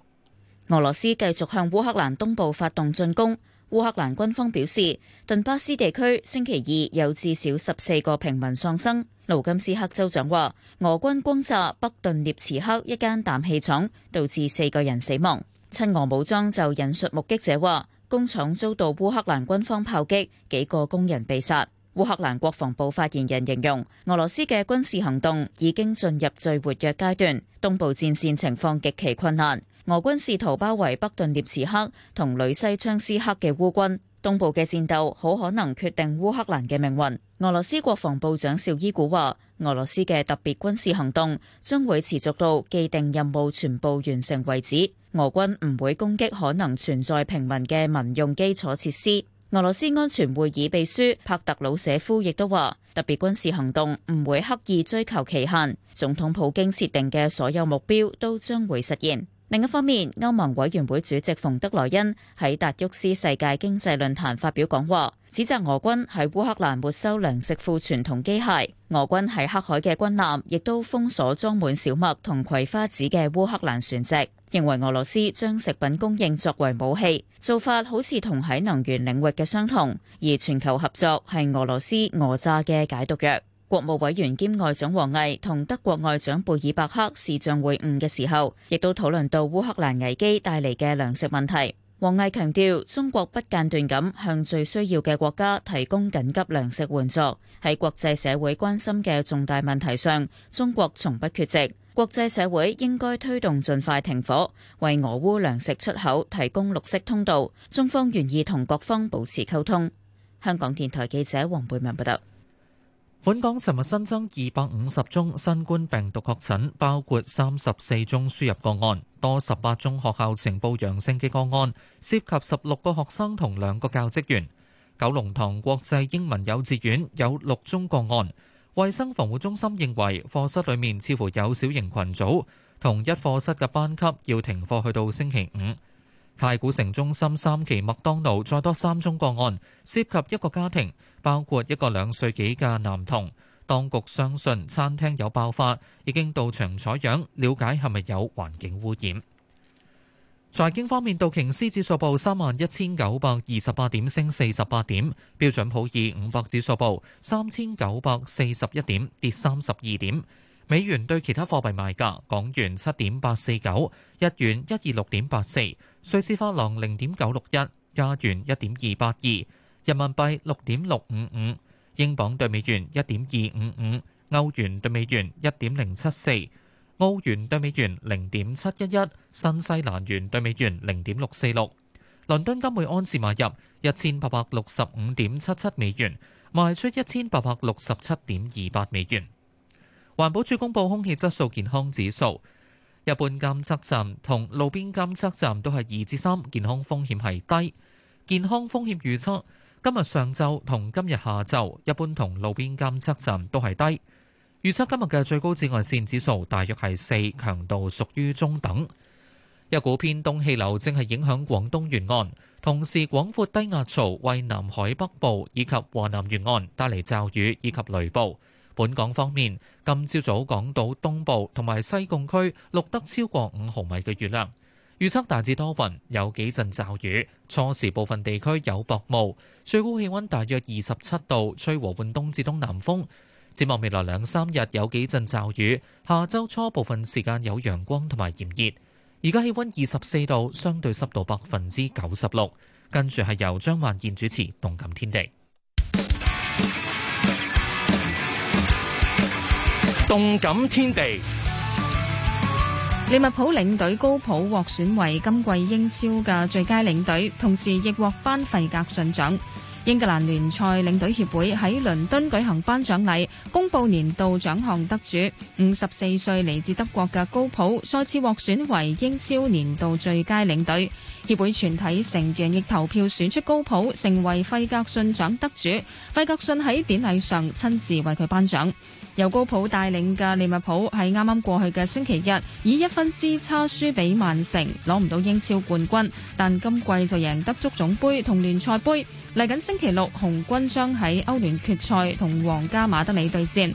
Speaker 13: 俄羅斯繼續向烏克蘭東部發動進攻。烏克蘭軍方表示，頓巴斯地區星期二有至少十四個平民喪生。盧金斯克州長話，俄軍轟炸北頓涅茨克一間氮氣廠，導致四個人死亡。親俄武裝就引述目擊者話，工廠遭到烏克蘭軍方炮擊，幾個工人被殺。烏克蘭國防部發言人形容俄羅斯嘅軍事行動已經進入最活躍階段，東部戰線情況極其困難。俄軍試圖包圍北頓涅茨克同里西昌斯克嘅烏軍，東部嘅戰鬥好可能決定烏克蘭嘅命運。俄羅斯國防部長紹伊古話：俄羅斯嘅特別軍事行動將會持續到既定任務全部完成為止。俄軍唔會攻擊可能存在平民嘅民用基礎設施。俄羅斯安全會議秘書帕特魯舍夫亦都話：特別軍事行動唔會刻意追求期限，總統普京設定嘅所有目標都將會實現。另一方面，歐盟委員會主席馮德萊恩喺達沃斯世界經濟論壇發表講話，指責俄軍喺烏克蘭沒收糧食庫存同機械，俄軍喺黑海嘅軍艦亦都封鎖裝滿小麥同葵花籽嘅烏克蘭船隻，認為俄羅斯將食品供應作為武器，做法好似同喺能源領域嘅相同，而全球合作係俄羅斯訛詐嘅解毒藥。國務委員兼外長王毅同德國外長貝爾伯克視像會晤嘅時候，亦都討論到烏克蘭危機帶嚟嘅糧食問題。王毅強調，中國不間斷咁向最需要嘅國家提供緊急糧食援助，喺國際社會關心嘅重大問題上，中國從不缺席。國際社會應該推動盡快停火，為俄烏糧食出口提供綠色通道。中方願意同各方保持溝通。香港電台記者黃貝文報道。
Speaker 11: 本港尋日新增二百五十宗新冠病毒確診，包括三十四宗輸入個案，多十八宗學校呈報陽性嘅個案，涉及十六個學生同兩個教職員。九龍塘國際英文幼稚園有六宗個案。衛生防護中心認為課室裡面似乎有小型群組，同一課室嘅班級要停課去到星期五。太古城中心三期麥當勞再多三宗個案，涉及一個家庭。包括一個兩歲幾嘅男童，當局相信餐廳有爆發，已經到場採樣，了解係咪有環境污染。財經方面，道瓊斯指數報三萬一千九百二十八點，升四十八點；標準普爾五百指數報三千九百四十一點，跌三十二點。美元對其他貨幣賣價：港元七點八四九，日元一二六點八四，瑞士法郎零點九六一，加元一點二八二。人民幣六點六五五，英鎊對美元一點二五五，歐元對美元一點零七四，澳元對美元零點七一一，新西蘭元對美元零點六四六。倫敦金每安士買入一千八百六十五點七七美元，賣出一千八百六十七點二八美元。環保署公布空氣質素健康指數，一般監測站同路邊監測站都係二至三，3，健康風險係低，健康風險預測。今日上晝同今日下晝，一般同路邊監測站都係低。預測今日嘅最高紫外線指數大約係四，強度屬於中等。一股偏東氣流正係影響廣東沿岸，同時廣闊低壓槽為南海北部以及華南沿岸帶嚟驟雨以及雷暴。本港方面，今朝早港島東部同埋西貢區錄得超過五毫米嘅雨量。預測大致多雲，有幾陣驟雨，初時部分地區有薄霧，最高氣温大約二十七度，吹和緩東至東南風。展望未來兩三日有幾陣驟雨，下周初部分時間有陽光同埋炎熱。而家氣温二十四度，相對濕度百分之九十六。跟住係由張萬燕主持《動感天地》，
Speaker 14: 《動
Speaker 10: 感天地》。
Speaker 14: 利物浦領隊高普獲選為今季英超嘅最佳領隊，同時亦獲頒費格遜獎。英格蘭聯賽領隊協會喺倫敦舉行頒獎禮，公布年度獎項得主。五十四歲嚟自德國嘅高普，再次獲選為英超年度最佳領隊。協會全體成員亦投票選出高普成為費格遜獎得主。費格遜喺典禮上親自為佢頒獎。由高普帶領嘅利物浦喺啱啱過去嘅星期日以一分之差輸俾曼城，攞唔到英超冠軍，但今季就贏得足總盃同聯賽盃。嚟緊星期六，紅軍將喺歐聯決賽同皇家馬德里對戰。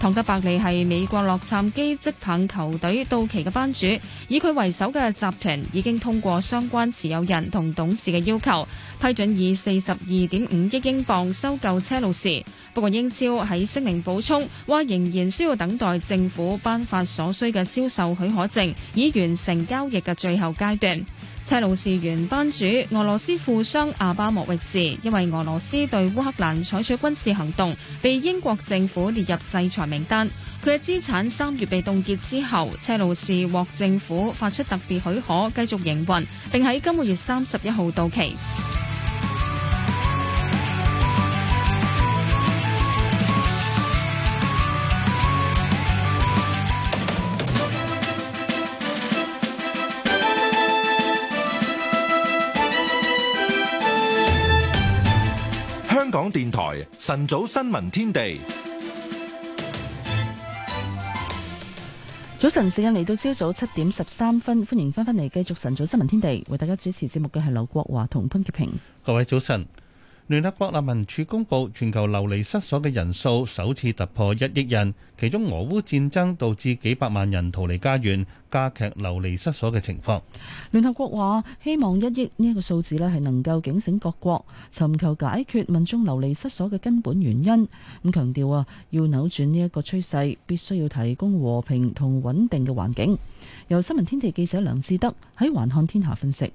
Speaker 14: 唐德柏利係美國洛杉磯職棒球隊到期嘅班主，以佢為首嘅集團已經通過相關持有人同董事嘅要求，批准以四十二點五億英鎊收購車路士。不過英超喺聲明補充話仍然需要等待政府頒發所需嘅銷售許可證以完成交易嘅最後階段。車路士原班主俄羅斯富商阿巴莫域治，因為俄羅斯對烏克蘭採取軍事行動，被英國政府列入制裁名單。佢嘅資產三月被凍結之後，車路士獲政府發出特別許可繼續營運，並喺今個月三十一號到期。
Speaker 1: 晨早新聞天地，
Speaker 3: 早晨時間嚟到朝早七點十三分，歡迎翻返嚟繼續晨早新聞天地，為大家主持節目嘅係劉國華同潘潔平，
Speaker 4: 各位早晨。聯合國難民署公布，全球流離失所嘅人數首次突破一億人，其中俄烏戰爭導致幾百萬人逃離家園，加劇流離失所嘅情況。
Speaker 3: 聯合國話，希望一億呢一個數字咧係能夠警醒各國，尋求解決民眾流離失所嘅根本原因。咁強調啊，要扭轉呢一個趨勢，必須要提供和平同穩定嘅環境。由新聞天地記者梁志德喺環看天下分析。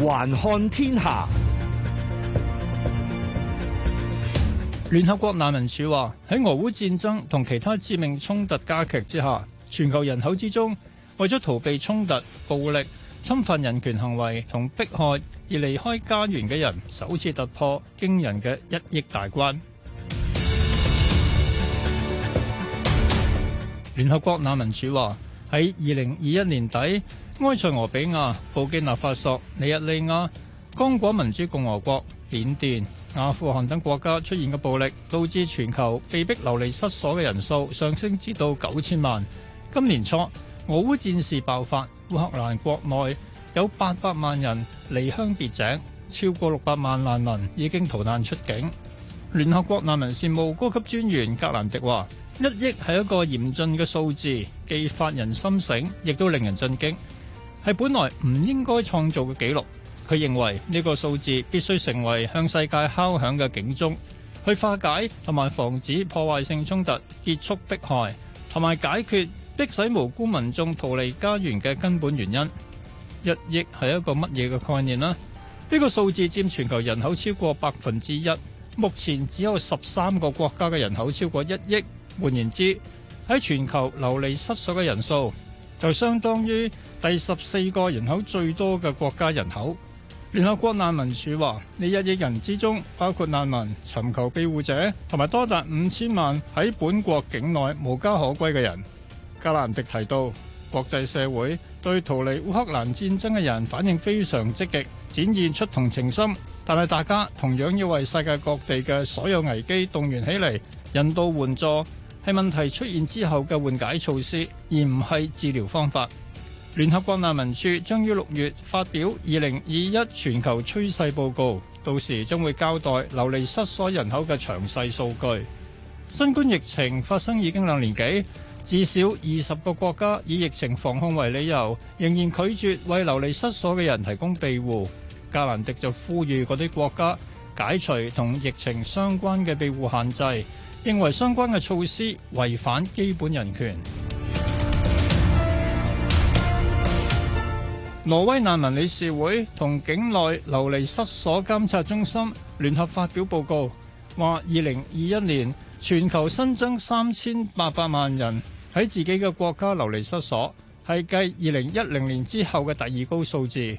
Speaker 10: 環
Speaker 15: 看天下，聯合國難民署話喺俄烏戰爭同其他致命衝突加劇之下，全球人口之中為咗逃避衝突、暴力、侵犯人權行為同迫害而離開家園嘅人，首次突破驚人嘅一億大關。聯 合國難民署話喺二零二一年底。埃塞俄比亞、布基納法索、尼日利亞、剛果民主共和國、緬甸、阿富汗等國家出現嘅暴力，導致全球被逼流離失所嘅人數上升至到九千萬。今年初，俄烏戰事爆發，烏克蘭國內有八百萬人離鄉別井，超過六百萬難民已經逃難出境。聯合國難民事務高級專員格蘭迪話：一億係一個嚴峻嘅數字，既發人深省，亦都令人震驚。係本來唔應該創造嘅紀錄，佢認為呢個數字必須成為向世界敲響嘅警鐘，去化解同埋防止破壞性衝突，結束迫害，同埋解決迫使無辜民眾逃離家園嘅根本原因。一億係一個乜嘢嘅概念呢？呢個數字佔全球人口超過百分之一，目前只有十三個國家嘅人口超過一億。換言之，喺全球流離失所嘅人數，就相當於第十四個人口最多嘅國家人口。聯合國難民署話，呢一億人之中，包括難民、尋求庇護者同埋多達五千萬喺本國境內無家可歸嘅人。格蘭迪提到，國際社會對逃離烏克蘭戰爭嘅人反應非常積極，展現出同情心。但係大家同樣要為世界各地嘅所有危機動員起嚟，人道援助，係問題出現之後嘅緩解措施，而唔係治療方法。聯合國難民署將於六月發表《二零二一全球趨勢報告》，到時將會交代流離失所人口嘅詳細數據。新冠疫情發生已經兩年幾，至少二十個國家以疫情防控為理由，仍然拒絕為流離失所嘅人提供庇護。加蘭迪就呼籲嗰啲國家解除同疫情相關嘅庇護限制。認為相關嘅措施違反基本人權。挪威難民理事會同境內流離失所監察中心聯合發表報告，話二零二一年全球新增三千八百萬人喺自己嘅國家流離失所，係繼二零一零年之後嘅第二高數字。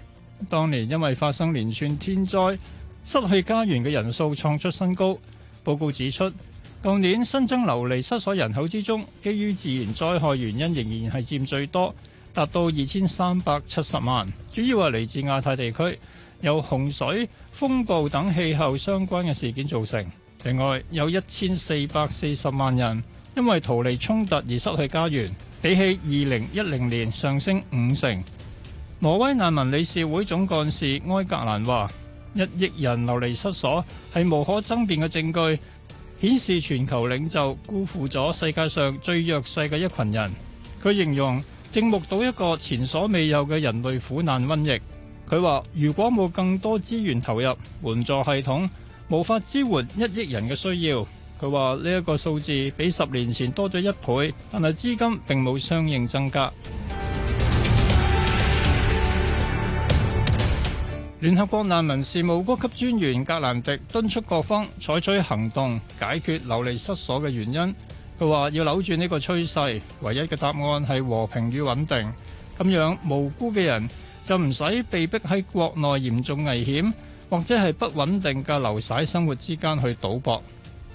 Speaker 15: 當年因為發生連串天災，失去家園嘅人數創出新高。報告指出，舊年新增流離失所人口之中，基於自然災害原因仍然係佔最多，達到二千三百七十萬，主要係嚟自亞太地區，由洪水、風暴等氣候相關嘅事件造成。另外，有一千四百四十萬人因為逃離衝突而失去家園，比起二零一零年上升五成。挪威難民理事會總幹事埃格蘭話：一億人流離失所係無可爭辯嘅證據。顯示全球領袖辜負咗世界上最弱勢嘅一群人。佢形容正目睹一個前所未有嘅人類苦難瘟疫。佢話：如果冇更多資源投入援助系統，無法支援一億人嘅需要。佢話呢一個數字比十年前多咗一倍，但係資金並冇相應增加。聯合國難民事務高級專員格蘭迪敦促各方採取行動解決流離失所嘅原因。佢話：要扭轉呢個趨勢，唯一嘅答案係和平與穩定。咁樣無辜嘅人就唔使被迫喺國內嚴重危險或者係不穩定嘅流徙生活之間去賭博。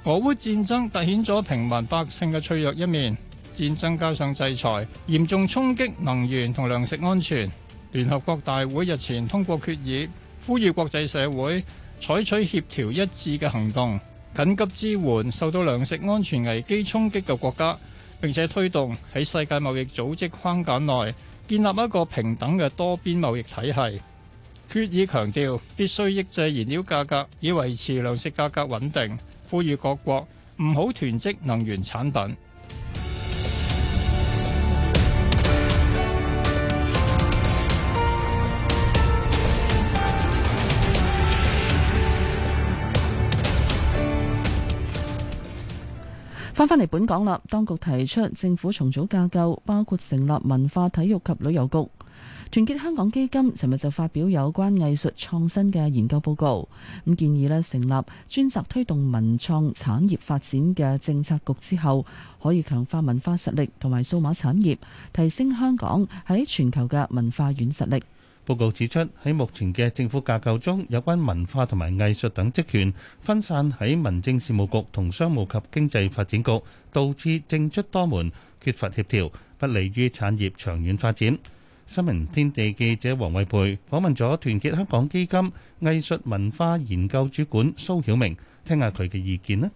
Speaker 15: 俄烏戰爭凸顯咗平民百姓嘅脆弱一面。戰爭加上制裁，嚴重衝擊能源同糧食安全。聯合國大會日前通過決議，呼籲國際社會採取協調一致嘅行動，緊急支援受到糧食安全危機衝擊嘅國家，並且推動喺世界貿易組織框架內建立一個平等嘅多邊貿易體系。決議強調必須抑制燃料價格，以維持糧食價格穩定，呼籲各國唔好囤積能源產品。
Speaker 3: 翻返嚟本港啦，當局提出政府重組架構，包括成立文化、體育及旅遊局。團結香港基金尋日就發表有關藝術創新嘅研究報告，咁建議咧成立專責推動文創產業發展嘅政策局之後，可以強化文化實力同埋數碼產業，提升香港喺全球嘅文化軟實力。
Speaker 4: 報告指出，喺目前嘅政府架構中，有關文化同埋藝術等職權分散喺民政事務局同商務及經濟發展局，導致政出多門，缺乏協調，不利於產業長遠發展。新聞天地記者黃惠培訪問咗團結香港基金藝術文化研究主管蘇曉明，聽下佢嘅意見咧。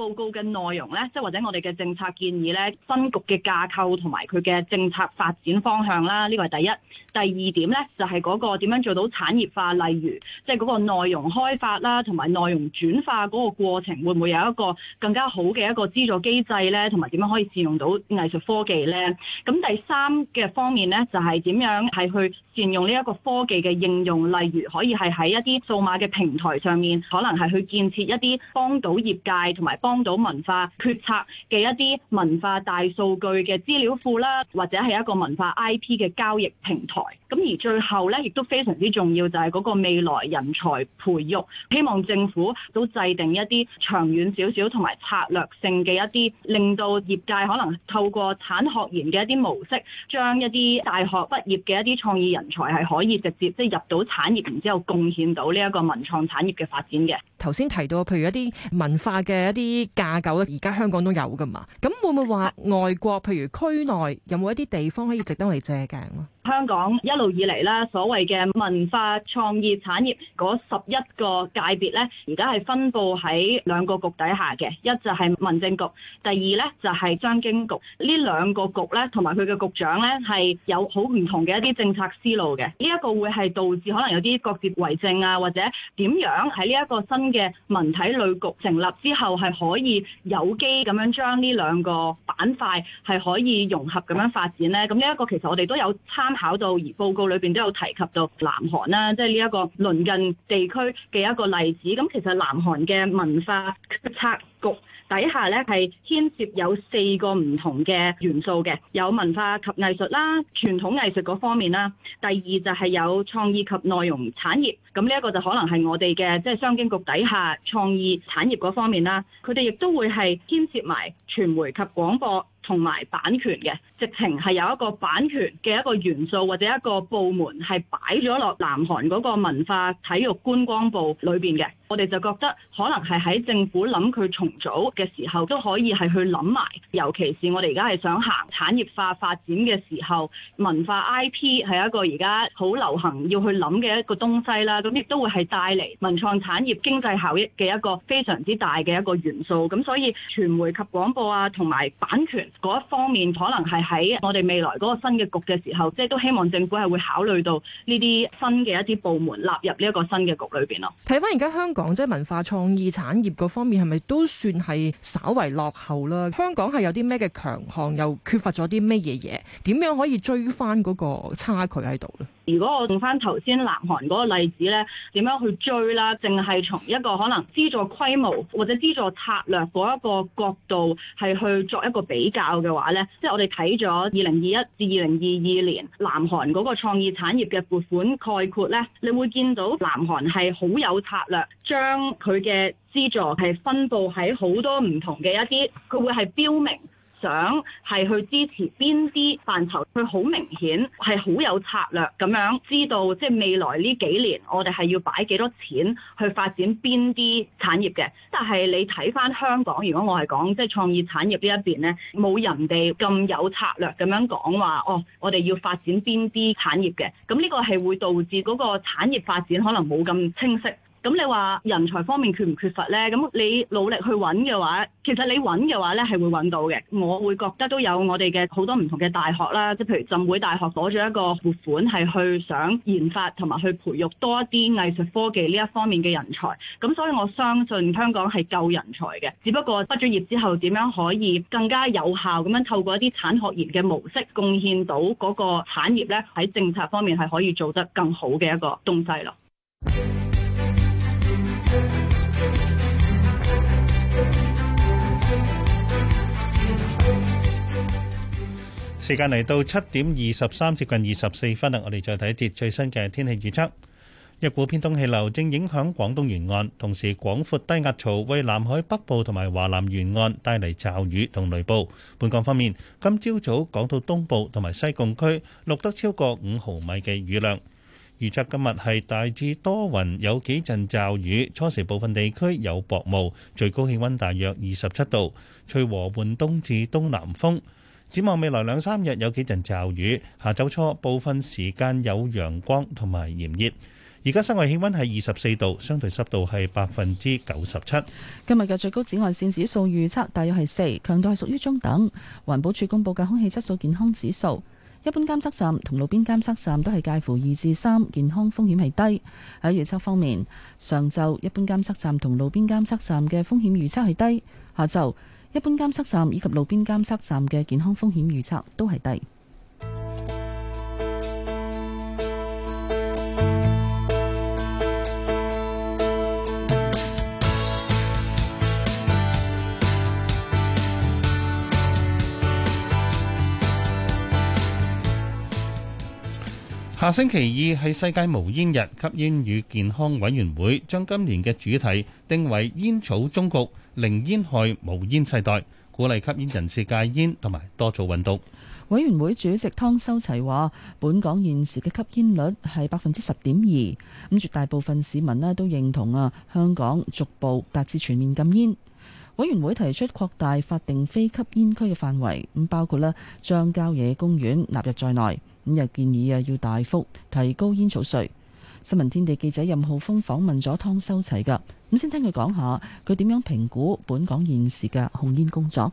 Speaker 16: 報告嘅內容呢，即係或者我哋嘅政策建議呢，新局嘅架構同埋佢嘅政策發展方向啦，呢個係第一。第二點呢就係嗰個點樣做到產業化，例如即係嗰個內容開發啦，同埋內容轉化嗰個過程，會唔會有一個更加好嘅一個資助機制呢？同埋點樣可以善用到藝術科技呢？咁第三嘅方面呢，就係點樣係去善用呢一個科技嘅應用，例如可以係喺一啲數碼嘅平台上面，可能係去建設一啲幫到業界同埋幫。幫到文化決策嘅一啲文化大數據嘅資料庫啦，或者係一個文化 IP 嘅交易平台。咁而最後咧，亦都非常之重要，就係嗰個未來人才培育。希望政府都制定一啲長遠少少同埋策略性嘅一啲，令到業界可能透過產學研嘅一啲模式，將一啲大學畢業嘅一啲創意人才係可以直接即係入到產業，然之後貢獻到呢一個文創產業嘅發展嘅。
Speaker 7: 頭先提到，譬如一啲文化嘅一啲。啲架構
Speaker 12: 咧，而家香港都有噶嘛？咁會唔會話外國，譬如區內有冇一啲地方可以值得我哋借鏡呢？
Speaker 16: 香港一路以嚟咧，所謂嘅文化創意產業嗰十一個界別咧，而家係分布喺兩個局底下嘅，一就係民政局，第二咧就係商經局。呢兩個局咧，同埋佢嘅局長咧，係有好唔同嘅一啲政策思路嘅。呢一個會係導致可能有啲各自為政啊，或者點樣喺呢一個新嘅文體類局成立之後，係可以有機咁樣將呢兩個板塊係可以融合咁樣發展咧。咁呢一個其實我哋都有參。考到而報告裏邊都有提及到南韓啦，即係呢一個鄰近地區嘅一個例子。咁其實南韓嘅文化策局底下呢，係牽涉有四個唔同嘅元素嘅，有文化及藝術啦，傳統藝術嗰方面啦。第二就係有創意及內容產業，咁呢一個就可能係我哋嘅即係商經局底下創意產業嗰方面啦。佢哋亦都會係牽涉埋傳媒及廣播。同埋版權嘅，直情係有一個版權嘅一個元素或者一個部門係擺咗落南韓嗰個文化體育觀光部裏邊嘅。我哋就覺得可能係喺政府諗佢重組嘅時候，都可以係去諗埋，尤其是我哋而家係想行產業化發展嘅時候，文化 IP 係一個而家好流行要去諗嘅一個東西啦。咁亦都會係帶嚟文創產業經濟效益嘅一個非常之大嘅一個元素。咁所以傳媒及廣播啊，同埋版權嗰一方面，可能係喺我哋未來嗰個新嘅局嘅時候，即係都希望政府係會考慮到呢啲新嘅一啲部門納入呢一個新嘅局裏邊咯。
Speaker 7: 睇翻而家香港，港即，文化創意產業嗰方面，係咪都算係稍為落後啦？香港係有啲咩嘅強項，又缺乏咗啲咩嘢嘢？點樣可以追
Speaker 16: 翻嗰個差距喺度咧？如果我用翻頭先南韓嗰個例子呢，點樣去追啦？淨係從一個可能資助規模或者資助策略嗰一個角度係去作一個比較嘅話呢，即係我哋睇咗二零二一至二零二二年南韓嗰個創意產業嘅撥款概括呢，你會見到南韓係好有策略，將佢嘅資助係分佈喺好多唔同嘅一啲，佢會係標明。想係去支持邊啲範疇，佢好明顯係好有策略咁樣知道，即係未來呢幾年我哋係要擺幾多錢去發展邊啲產業嘅。但係你睇翻香港，如果我係講即係創意產業呢一邊呢，冇人哋咁有策略咁樣講話，哦，我哋要發展邊啲產業嘅。咁呢個係會導致嗰個產業發展可能冇咁清晰。咁你話人才方面缺唔缺乏呢？咁你努力去揾嘅話，其實你揾嘅話呢係會揾到嘅。我會覺得都有我哋嘅好多唔同嘅大學啦，即係譬如浸會大學攞咗一個撥款，係去想研發同埋去培育多一啲藝術科技呢一方面嘅人才。咁所以我相信香港係夠人才嘅，只不過畢咗業之後點樣可以更加有效咁樣透過一啲產學研嘅模式，貢獻到嗰個產業呢？喺政策方面係可以做得更好嘅一個東西咯。
Speaker 4: 時間嚟到七點二十三接近二十四分啦，我哋再睇一節最新嘅天氣預測。一股偏東氣流正影響廣東沿岸，同時廣闊低壓槽為南海北部同埋華南沿岸帶嚟驟雨同雷暴。本港方面，今朝早港島東部同埋西貢區錄得超過五毫米嘅雨量。預測今日係大致多雲，有幾陣驟雨，初時部分地區有薄霧，最高氣温大約二十七度，吹和緩東至東南風。展望未來兩三日有幾陣驟雨，下晝初部分時間有陽光同埋炎熱。而家室外氣温係二十四度，相對濕度係百分之九十
Speaker 3: 七。今日嘅最高紫外線指數預測大約係四，強度係屬於中等。環保署公佈嘅空氣質素健康指數，一般監測站同路邊監測站都係介乎二至三，健康風險係低。喺預測方面，上晝一般監測站同路邊監測站嘅風險預測係低，下晝。一般監測站以及路邊監測站嘅健康風險預測都係低。
Speaker 4: 下星期二係世界無煙日，吸煙與健康委員會將今年嘅主題定為煙草終局。零煙害無煙世代，鼓勵吸煙人士戒煙同埋多做運動。
Speaker 3: 委員會主席湯修齊話，本港現時嘅吸煙率係百分之十點二，咁絕大部分市民呢都認同啊，香港逐步達至全面禁煙。委員會提出擴大法定非吸煙區嘅範圍，咁包括呢將郊野公園納入在內，咁又建議啊要大幅提高煙草稅。新聞天地記者任浩峰訪問咗湯修齊㗎，咁先聽佢講下佢點樣評估本港現時嘅控煙工作。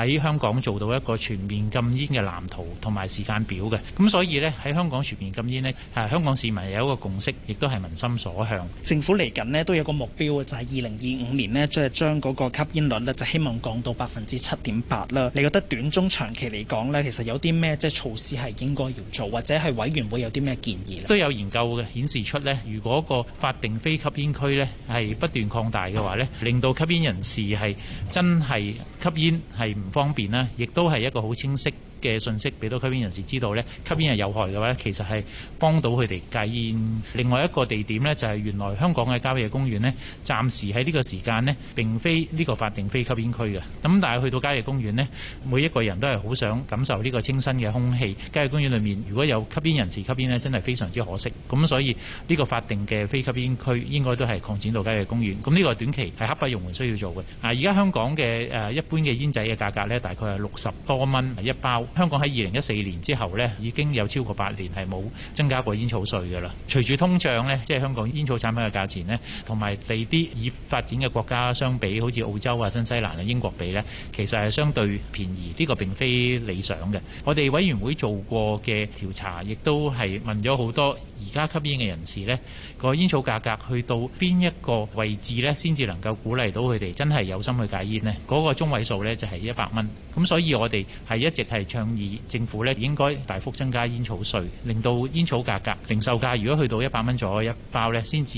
Speaker 17: 喺香港做到一個全面禁煙嘅藍圖同埋時間表嘅，咁所以咧喺香港全面禁煙咧，誒香港市民有一個共識，亦都係民心所向。
Speaker 18: 政府嚟緊咧都有個目標嘅，就係二零二五年咧，即係將嗰個吸煙率咧就希望降到百分之七點八啦。你覺得短中長期嚟講咧，其實有啲咩即係措施係應該要做，或者係委員會有啲咩建議咧？
Speaker 17: 都有研究嘅顯示出咧，如果個法定非吸煙區咧係不斷擴大嘅話咧，令到吸煙人士係真係吸煙係唔方便啦，亦都係一個好清晰嘅信息俾到吸煙人士知道呢，吸煙係有害嘅話，咧，其實，係幫到佢哋戒煙。另外一個地點呢，就係、是、原來香港嘅郊野公園呢，暫時喺呢個時間呢，並非呢個法定非吸煙區嘅。咁但係去到郊野公園呢，每一個人都係好想感受呢個清新嘅空氣。郊野公園裏面如果有吸煙人士吸煙呢，真係非常之可惜。咁所以呢個法定嘅非吸煙區應該都係擴展到郊野公園。咁呢個短期係刻不容緩需要做嘅。啊，而家香港嘅誒一般嘅煙仔嘅價格呢，大概係六十多蚊一包。香港喺二零一四年之後呢，已經有超過八年係冇增加過煙草稅㗎喇。隨住通脹呢，即係香港煙草產品嘅價錢呢，同埋地啲已發展嘅國家相比，好似澳洲啊、新西蘭啊、英國比呢，其實係相對便宜。呢個並非理想嘅。我哋委員會做過嘅調查，亦都係問咗好多而家吸煙嘅人士呢，個煙草價格去到邊一個位置呢，先至能夠鼓勵到佢哋真係有心去戒煙呢？嗰個中位數呢，就係一百蚊。咁所以我哋係一直係唱政府咧應該大幅增加煙草稅，令到煙草價格零售價如果去到一百蚊左右一包咧，先至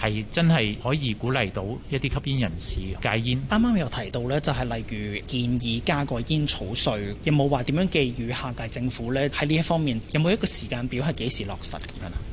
Speaker 17: 係
Speaker 18: 真係可以鼓勵到一啲吸煙人士戒煙。啱啱有提到咧，就係例如建議加個煙草稅，有冇話點樣寄予下屆政府咧？喺呢一方面有冇一個時間表係幾時落實？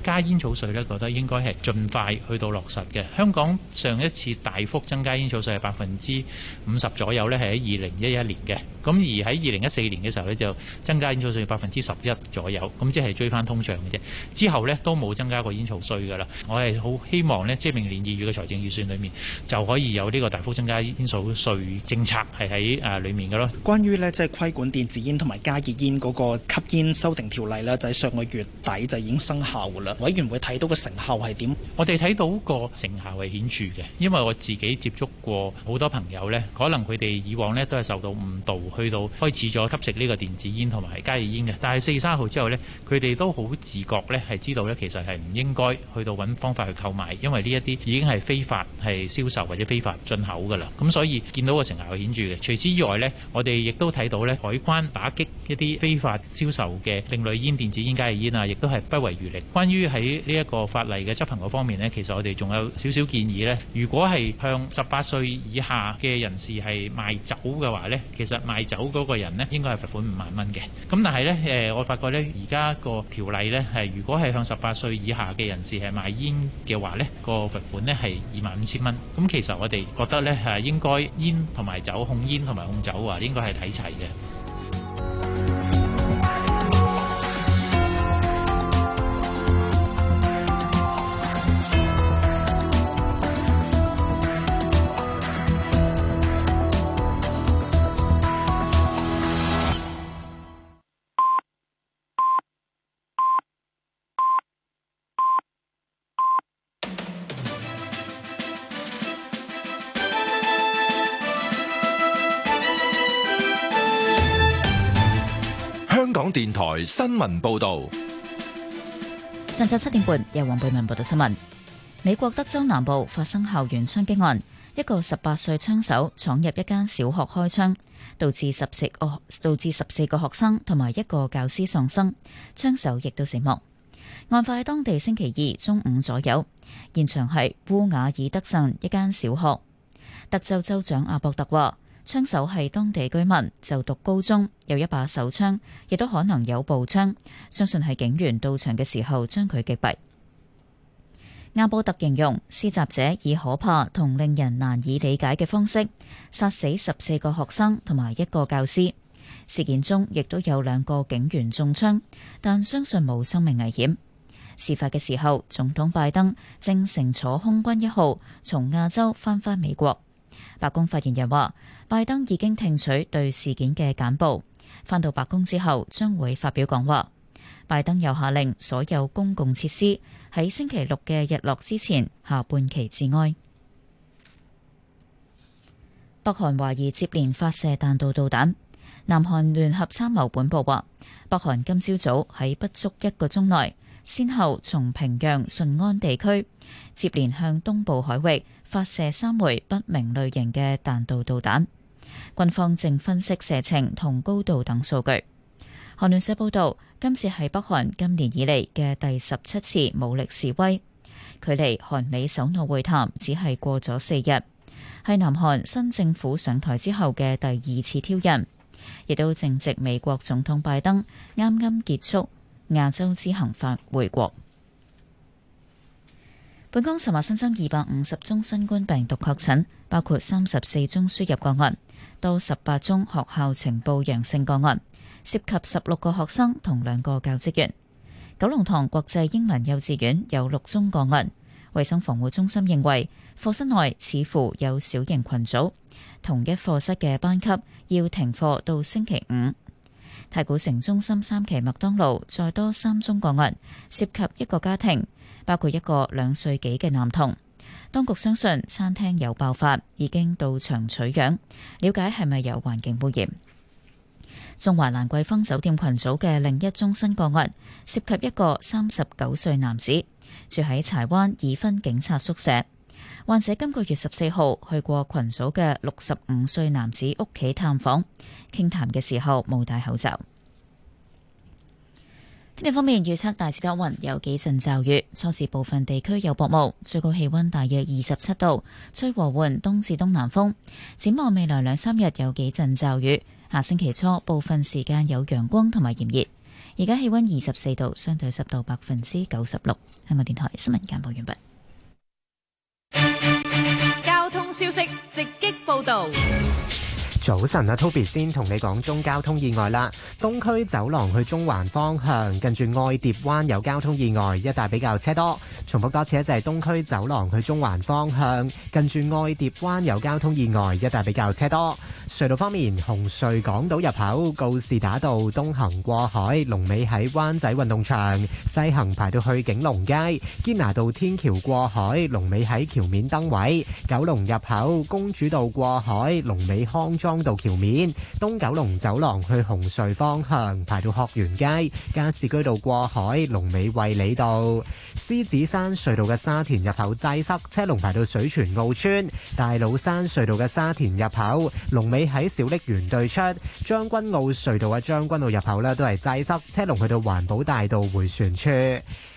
Speaker 17: 加煙草稅咧，覺得應該係盡快去到落實嘅。香港上一次大幅增加煙草稅係百分之五十左右咧，係喺二零一一年嘅。咁而喺二零一四年嘅時候咧就增加煙草稅百分之十一左右，咁即係追翻通脹嘅啫。之後呢都冇增加過煙草稅噶啦我係好希望呢，即係明年二月嘅財政預算裏面就可以有呢個大幅增加煙草稅政策係喺誒裏面噶咯
Speaker 18: 關於呢，即係規管電子煙同埋加熱煙嗰個吸煙修訂條例咧，就係上個月底就已經生效噶啦委員會睇到個成效係點？我哋睇到個成效係顯著嘅，
Speaker 17: 因為我自己接觸過好多朋友呢，可能佢哋以往呢都係受到誤導去到開始咗吸食呢個電。電子煙同埋係加熱煙嘅，但係四月三十號之後呢，佢哋都好自覺呢，係知道呢，其實係唔應該去到揾方法去購買，因為呢一啲已經係非法係銷售或者非法進口㗎啦。咁所以見到個成效係顯著嘅。除此以外呢，我哋亦都睇到呢，海關打擊一啲非法銷售嘅另類煙、電子煙、加熱煙啊，亦都係不遺餘力。關於喺呢一個法例嘅執行嗰方面呢，其實我哋仲有少少建議呢：如果係向十八歲以下嘅人士係賣酒嘅話呢，其實賣酒嗰個人呢，應該係罰款。萬蚊嘅，咁但係呢，誒，我發覺呢而家個條例呢，係如果係向十八歲以下嘅人士係賣煙嘅話呢，呢個罰款呢係二萬五千蚊。咁其實我哋覺得呢，係應該煙同埋酒控煙同埋控酒啊，應該係睇齊嘅。
Speaker 1: 電台新聞報道：
Speaker 13: 上晝七點半，由黃貝文報道新聞。美國德州南部發生校園槍擊案，一個十八歲槍手闖入一間小學開槍，導致十四個導致十四個學生同埋一個教師喪生，槍手亦都死亡。案發喺當地星期二中午左右，現場係烏瓦爾德鎮一間小學。德州州長阿博特話。槍手係當地居民，就讀高中，有一把手槍，亦都可能有步槍。相信係警員到場嘅時候將佢擊斃。亞波特形容施襲者以可怕同令人難以理解嘅方式，殺死十四個學生同埋一個教師。事件中亦都有兩個警員中槍，但相信冇生命危險。事發嘅時候，總統拜登正乘坐空軍一號從亞洲返返美國。白宮發言人話，拜登已經聽取對事件嘅簡報，翻到白宮之後將會發表講話。拜登又下令所有公共設施喺星期六嘅日落之前下半旗致哀。北韓懷疑接連發射彈道導彈，南韓聯合參謀本部話，北韓今朝早喺不足一個鐘內，先後從平壤、順安地區接連向東部海域。發射三枚不明類型嘅彈道導彈，軍方正分析射程同高度等數據。韓聯社報道，今次係北韓今年以嚟嘅第十七次武力示威，距離韓美首腦會談只係過咗四日，係南韓新政府上台之後嘅第二次挑釁，亦都正值美國總統拜登啱啱結束亞洲之行返回國。本港昨日新增二百五十宗新冠病毒確診，包括三十四宗輸入個案，多十八宗學校情報陽性個案，涉及十六個學生同兩個教職員。九龍塘國際英文幼稚園有六宗個案。衛生防護中心認為，課室內似乎有小型群組，同一課室嘅班級要停課到星期五。太古城中心三期麥當勞再多三宗個案，涉及一個家庭。包括一個兩歲幾嘅男童，當局相信餐廳有爆發，已經到場取樣，了解係咪有環境污染。中華蘭桂坊酒店群組嘅另一宗新個案，涉及一個三十九歲男子，住喺柴灣已婚警察宿舍。患者今個月十四號去過群組嘅六十五歲男子屋企探訪，傾談嘅時候冇戴口罩。天氣方面預測大致多雲，有幾陣驟雨，初時部分地區有薄霧，最高氣温大約二十七度，吹和緩東至東南風。展望未來兩三日有幾陣驟雨，下星期初部分時間有陽光同埋炎熱。而家氣温二十四度，相對濕度百分之九十六。香港電台新聞簡報完畢。
Speaker 2: 交通消息直擊報道。
Speaker 12: 早晨啊，Toby 先同你講中交通意外啦。東區走廊去中環方向，近住愛蝶灣有交通意外，一帶比較車多。重複多次，就係東區走廊去中環方向，近住愛蝶灣有交通意外，一帶比較車多。隧道方面，紅隧港島入口告士打道東行過海，龍尾喺灣仔運動場；西行排到去景隆街，堅拿道天橋過海，龍尾喺橋面燈位。九龍入口公主道過海，龍尾康莊。康道橋面、東九龍走廊去紅隧方向排到鶴園街、加士居道過海、龍尾衛理道、獅子山隧道嘅沙田入口擠塞，車龍排到水泉澳村；大老山隧道嘅沙田入口、龍尾喺小瀝源對出、將軍澳隧道嘅將軍澳入口咧都係擠塞，車龍去到環保大道回旋處。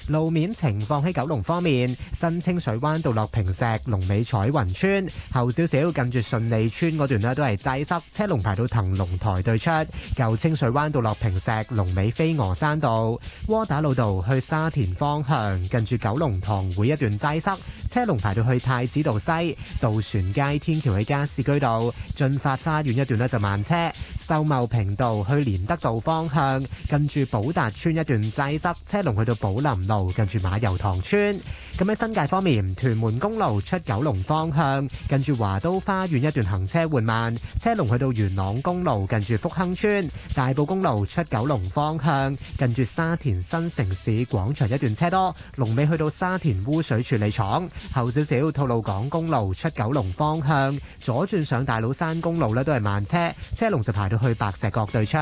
Speaker 12: 路面情況喺九龍方面，新清水灣道落坪石龍尾彩雲村後少少，近住順利村嗰段咧都係擠塞，車龍排到騰龍台對出；舊清水灣道落坪石龍尾飛鵝山道、窩打老道去沙田方向，近住九龍塘會一段擠塞，車龍排到去太子道西、渡船街天橋喺加士居道、駿發花園一段咧就慢車。秀茂坪道去蓮德道方向，近住寶達村一段擠塞，車龍去到寶林路，近住馬油塘村。咁喺新界方面，屯門公路出九龍方向，近住華都花園一段行車緩慢，車龍去到元朗公路，近住福亨村。大埔公路出九龍方向，近住沙田新城市廣場一段車多，龍尾去到沙田污水處理廠。後少少，吐露港公路出九龍方向，左轉上大老山公路咧，都係慢車，車龍就排到，去白石角對出，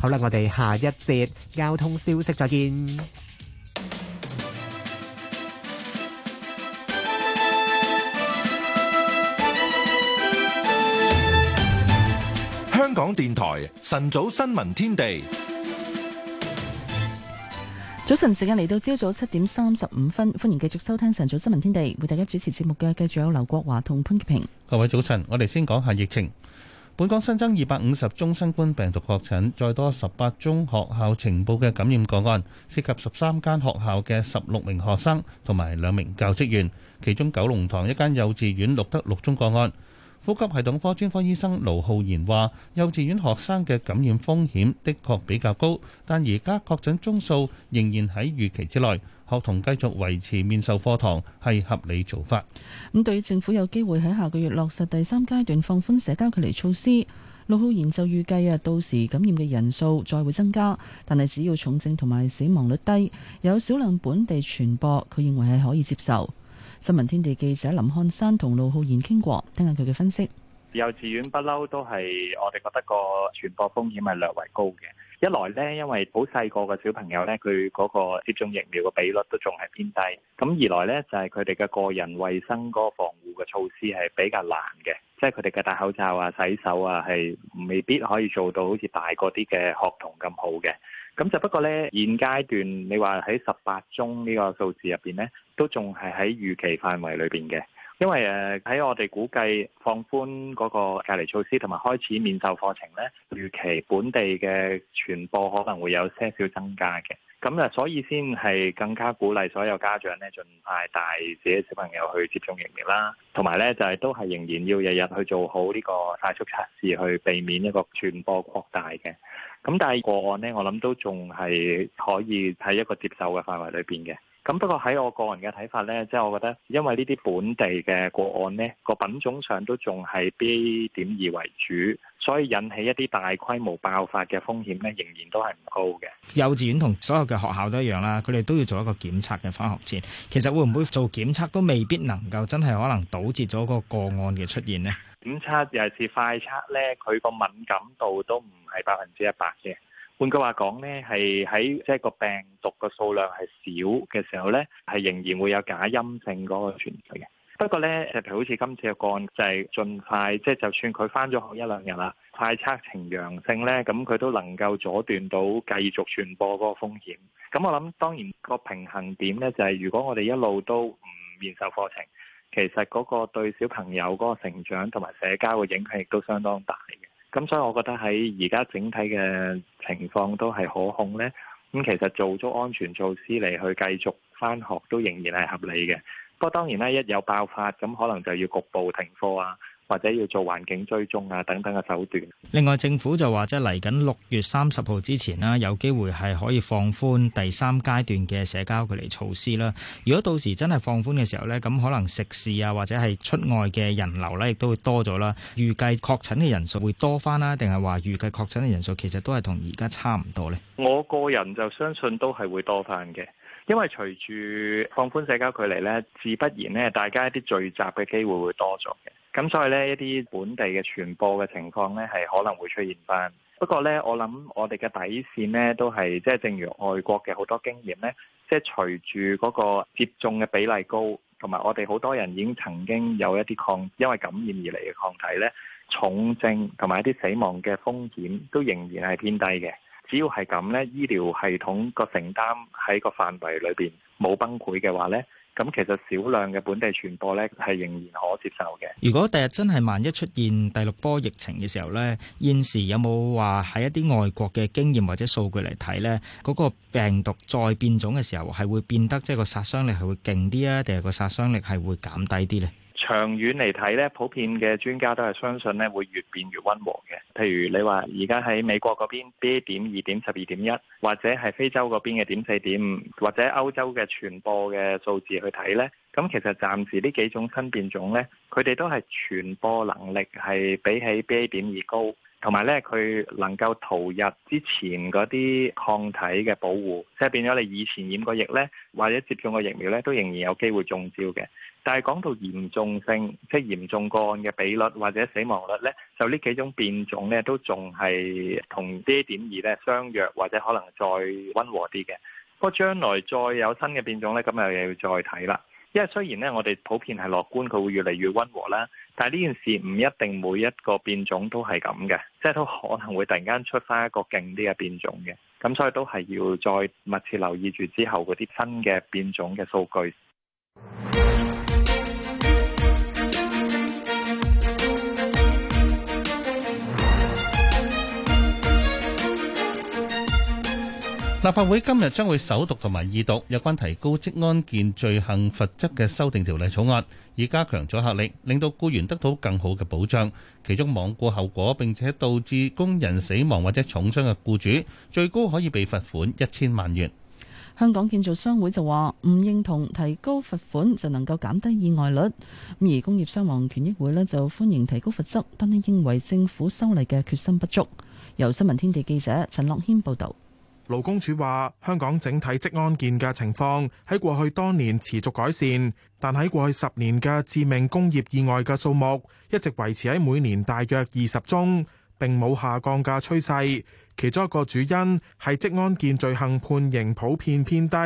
Speaker 12: 好啦，我哋下一節交通消息再見。
Speaker 1: 香港電台晨早新聞天地，
Speaker 3: 早晨時間嚟到朝早七點三十五分，歡迎繼續收聽晨早新聞天地，為大家主持節目嘅繼續有劉國華同潘潔平。
Speaker 4: 各位早晨，我哋先講下疫情。本港新增二百五十宗新冠病毒確診，再多十八宗學校呈報嘅感染個案，涉及十三間學校嘅十六名學生同埋兩名教職員，其中九龍塘一間幼稚園錄得六宗個案。呼吸系統科專科醫生盧浩然話幼稚園學生嘅感染風險的確比較高，但而家確診宗數仍然喺預期之內。學童繼續維持面授課堂係合理做法。
Speaker 3: 咁對於政府有機會喺下個月落實第三階段放寬社交距離措施，陸浩然就預計啊，到時感染嘅人數再會增加，但係只要重症同埋死亡率低，有少量本地傳播，佢認為係可以接受。新聞天地記者林漢山同陸浩然傾過，聽下佢嘅分析。
Speaker 9: 幼稚園不嬲都係我哋覺得個傳播風險係略為高嘅。一來咧，因為好細個嘅小朋友咧，佢嗰個接種疫苗嘅比率都仲係偏低。咁二來咧，就係佢哋嘅個人衞生嗰個防護嘅措施係比較難嘅，即係佢哋嘅戴口罩啊、洗手啊，係未必可以做到好似大個啲嘅學童咁好嘅。咁就不過咧，現階段你話喺十八宗呢個數字入邊咧，都仲係喺預期範圍裏邊嘅。因為誒喺我哋估計放寬嗰個隔離措施同埋開始面授課程咧，預期本地嘅傳播可能會有些少增加嘅，咁啊所以先係更加鼓勵所有家長咧，盡快帶自己小朋友去接種疫苗啦，同埋咧就係都係仍然要日日去做好呢個快速測試去避免一個傳播擴大嘅，咁但係個案咧我諗都仲係可以喺一個接受嘅範圍裏邊嘅。咁不過喺我個人嘅睇法呢，即係我覺得，因為呢啲本地嘅個案呢，個品種上都仲係 B. 點二為主，所以引起一啲大規模爆發嘅風險呢，仍然都係唔高嘅。
Speaker 18: 幼稚園同所有嘅學校都一樣啦，佢哋都要做一個檢測嘅返學前。其實會唔會做檢測都未必能夠真係可能堵截咗個個案嘅出現呢？
Speaker 9: 檢測，尤其係快測呢，佢個敏感度都唔係百分之一百嘅。換句話講咧，係喺即係個病毒嘅數量係少嘅時候咧，係仍然會有假陰性嗰個存在嘅。不過咧，就係好似今次嘅個案，就係盡快，即係就算佢返咗學一兩日啦，快測呈陽性咧，咁佢都能夠阻斷到繼續傳播嗰個風險。咁我諗，當然個平衡點咧，就係、是、如果我哋一路都唔面授課程，其實嗰個對小朋友嗰個成長同埋社交嘅影響亦都相當大嘅。咁所以，我覺得喺而家整體嘅情況都係可控呢。咁其實做足安全措施嚟去繼續返學，都仍然係合理嘅。不過當然咧，一有爆發，咁可能就要局部停課啊。或者要做環境追蹤啊，等等嘅手段。
Speaker 18: 另外，政府就話，即係嚟緊六月三十號之前啦，有機會係可以放寬第三階段嘅社交距離措施啦。如果到時真係放寬嘅時候呢，咁可能食肆啊，或者係出外嘅人流呢，亦都會多咗啦。預計確診嘅人數會多返啦，定係話預計確診嘅人數其實都係同而家差唔多呢？
Speaker 9: 我個人就相信都係會多返嘅，因為隨住放寬社交距離呢，自不然呢，大家一啲聚集嘅機會會多咗嘅。咁所以咧，一啲本地嘅傳播嘅情況咧，係可能會出現翻。不過咧，我諗我哋嘅底線咧，都係即係正如外國嘅好多經驗咧，即係隨住嗰個接種嘅比例高，同埋我哋好多人已經曾經有一啲抗因為感染而嚟嘅抗體咧，重症同埋一啲死亡嘅風險都仍然係偏低嘅。只要係咁咧，醫療系統個承擔喺個範圍裏邊冇崩潰嘅話咧。咁其實少量嘅本地傳播咧，係
Speaker 18: 仍然可接受嘅。如果第日真係萬一出現第六波疫情嘅時候咧，現時有冇話喺一啲外國嘅經驗或者數據嚟睇咧，嗰個病毒再變種嘅時候係會變得即係個殺傷力係會勁啲啊，定係個殺傷力係會減低啲咧？
Speaker 9: 長遠嚟睇咧，普遍嘅專家都係相信咧會越變越溫和嘅。譬如你話而家喺美國嗰邊，BA. 點二點十二點一，1, 或者係非洲嗰邊嘅點四點五，5, 或者歐洲嘅傳播嘅數字去睇呢，咁其實暫時呢幾種新變種呢，佢哋都係傳播能力係比起 BA. 點二高，同埋呢，佢能夠逃入之前嗰啲抗體嘅保護，即係變咗你以前染過疫呢，或者接種過疫苗呢，都仍然有機會中招嘅。但係講到嚴重性，即係嚴重個案嘅比率或者死亡率呢，就呢幾種變種呢，都仲係同 D. 點二呢相若，或者可能再溫和啲嘅。不過將來再有新嘅變種呢，咁又又要再睇啦。因為雖然呢，我哋普遍係樂觀，佢會越嚟越溫和啦，但係呢件事唔一定每一個變種都係咁嘅，即係都可能會突然間出翻一個勁啲嘅變種嘅。咁所以都係要再密切留意住之後嗰啲新嘅變種嘅數據。
Speaker 4: 立法會今日將會首讀同埋二讀有關提高職安健罪行罰則嘅修訂條例草案，以加強阻吓力，令到雇員得到更好嘅保障。其中，罔顧後果並且導致工人死亡或者重傷嘅雇主，最高可以被罰款一千萬元。
Speaker 3: 香港建造商會就話唔認同提高罰款就能夠減低意外率。而工業傷亡權益會咧就歡迎提高罰則，但係認為政府修例嘅決心不足。由新聞天地記者陳樂謙報道。
Speaker 10: 勞工處話，香港整體職安健嘅情況喺過去多年持續改善，但喺過去十年嘅致命工業意外嘅數目一直維持喺每年大約二十宗，並冇下降嘅趨勢。其中一個主因係職安健罪行判刑普遍偏低，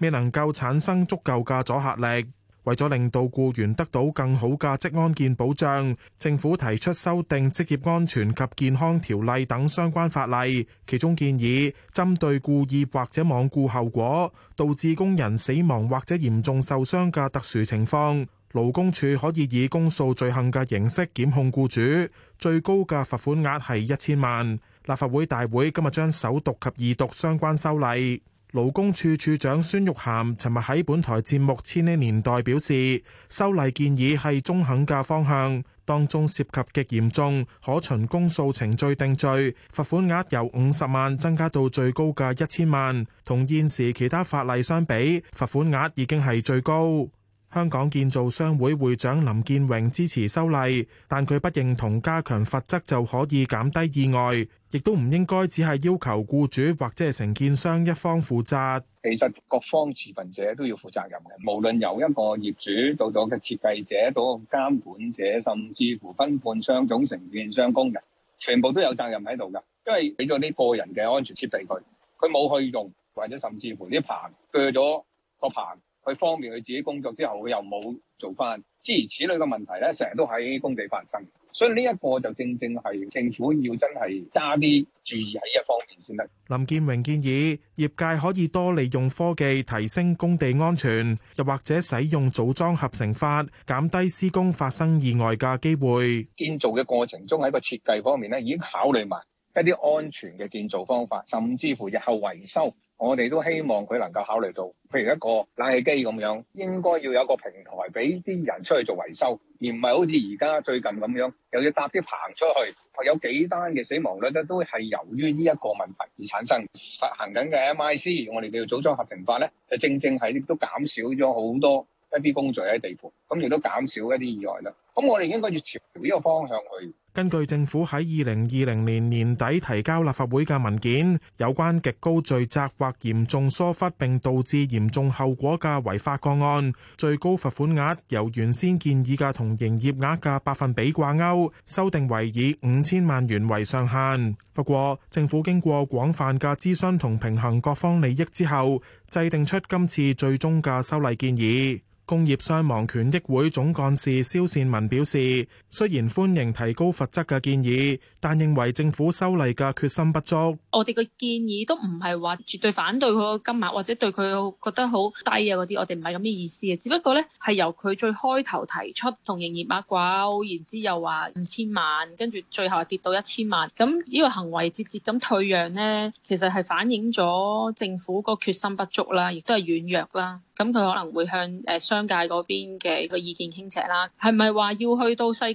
Speaker 10: 未能夠產生足夠嘅阻嚇力。為咗令到僱員得到更好嘅職安健保障，政府提出修訂職業安全及健康條例等相關法例，其中建議針對故意或者罔顧後果導致工人死亡或者嚴重受傷嘅特殊情況，勞工處可以以公訴罪行嘅形式檢控僱主，最高嘅罰款額係一千萬。立法會大會今日將首讀及二讀相關修例。勞工處處長孫玉菡尋日喺本台節目《千禧年代》表示，修例建議係中肯嘅方向，當中涉及極嚴重，可循公訴程序定罪，罰款額由五十萬增加到最高嘅一千萬，同現時其他法例相比，罰款額已經係最高。香港建造商會會長林建榮支持修例，但佢不認同加強罰則就可以減低意外。亦都唔應該只係要求僱主或者係承建商一方負責。
Speaker 6: 其實各方持份者都要負責任嘅，無論由一個業主到到嘅設計者、到監管者，甚至乎分判商、總承建商、工人，全部都有責任喺度嘅。因為俾咗啲個人嘅安全設備佢，佢冇去用，或者甚至乎啲棚鋸咗個棚，去方便佢自己工作之後，佢又冇做翻，諸如此類嘅問題咧，成日都喺工地發生。所以呢一個就正正係政府要真係加啲注意喺一方面先得。
Speaker 10: 林建榮建議業界可以多利用科技提升工地安全，又或者使用組裝合成法，減低施工發生意外嘅機會。
Speaker 6: 建造嘅過程中喺個設計方面呢，已經考慮埋一啲安全嘅建造方法，甚至乎日後維修。我哋都希望佢能夠考慮到，譬如一個冷氣機咁樣，應該要有一個平台俾啲人出去做維修，而唔係好似而家最近咁樣，又要搭啲棚出去。有幾單嘅死亡率咧，都係由於呢一個問題而產生。實行緊嘅 MIC，我哋叫做組裝合成法咧，就正正係都減少咗好多一啲工序喺地盤，咁亦都減少一啲意外啦。咁我哋應該要朝呢個方向去。
Speaker 10: 根據政府喺二零二零年年底提交立法會嘅文件，有關極高罪責或嚴重疏忽並導致嚴重後果嘅違法個案，最高罰款額由原先建議嘅同營業額嘅百分比掛鈎，修訂為以五千萬元為上限。不過，政府經過廣泛嘅諮詢同平衡各方利益之後，制定出今次最終嘅修例建議。工業傷亡權益會總幹事蕭善文表示，雖然歡迎提高罰則嘅建議，但認為政府修例嘅決心不足。
Speaker 14: 我哋嘅建議都唔係話絕對反對佢個金額，或者對佢覺得好低啊嗰啲，我哋唔係咁嘅意思嘅。只不過咧，係由佢最開頭提出同營業額掛鈎，然之又話五千萬，跟住最後跌到一千萬，咁呢個行為直接咁退讓咧，其實係反映咗政府個決心不足啦，亦都係軟弱啦。咁佢可能會向誒商界嗰邊嘅個意見傾斜啦，係咪話要去到世界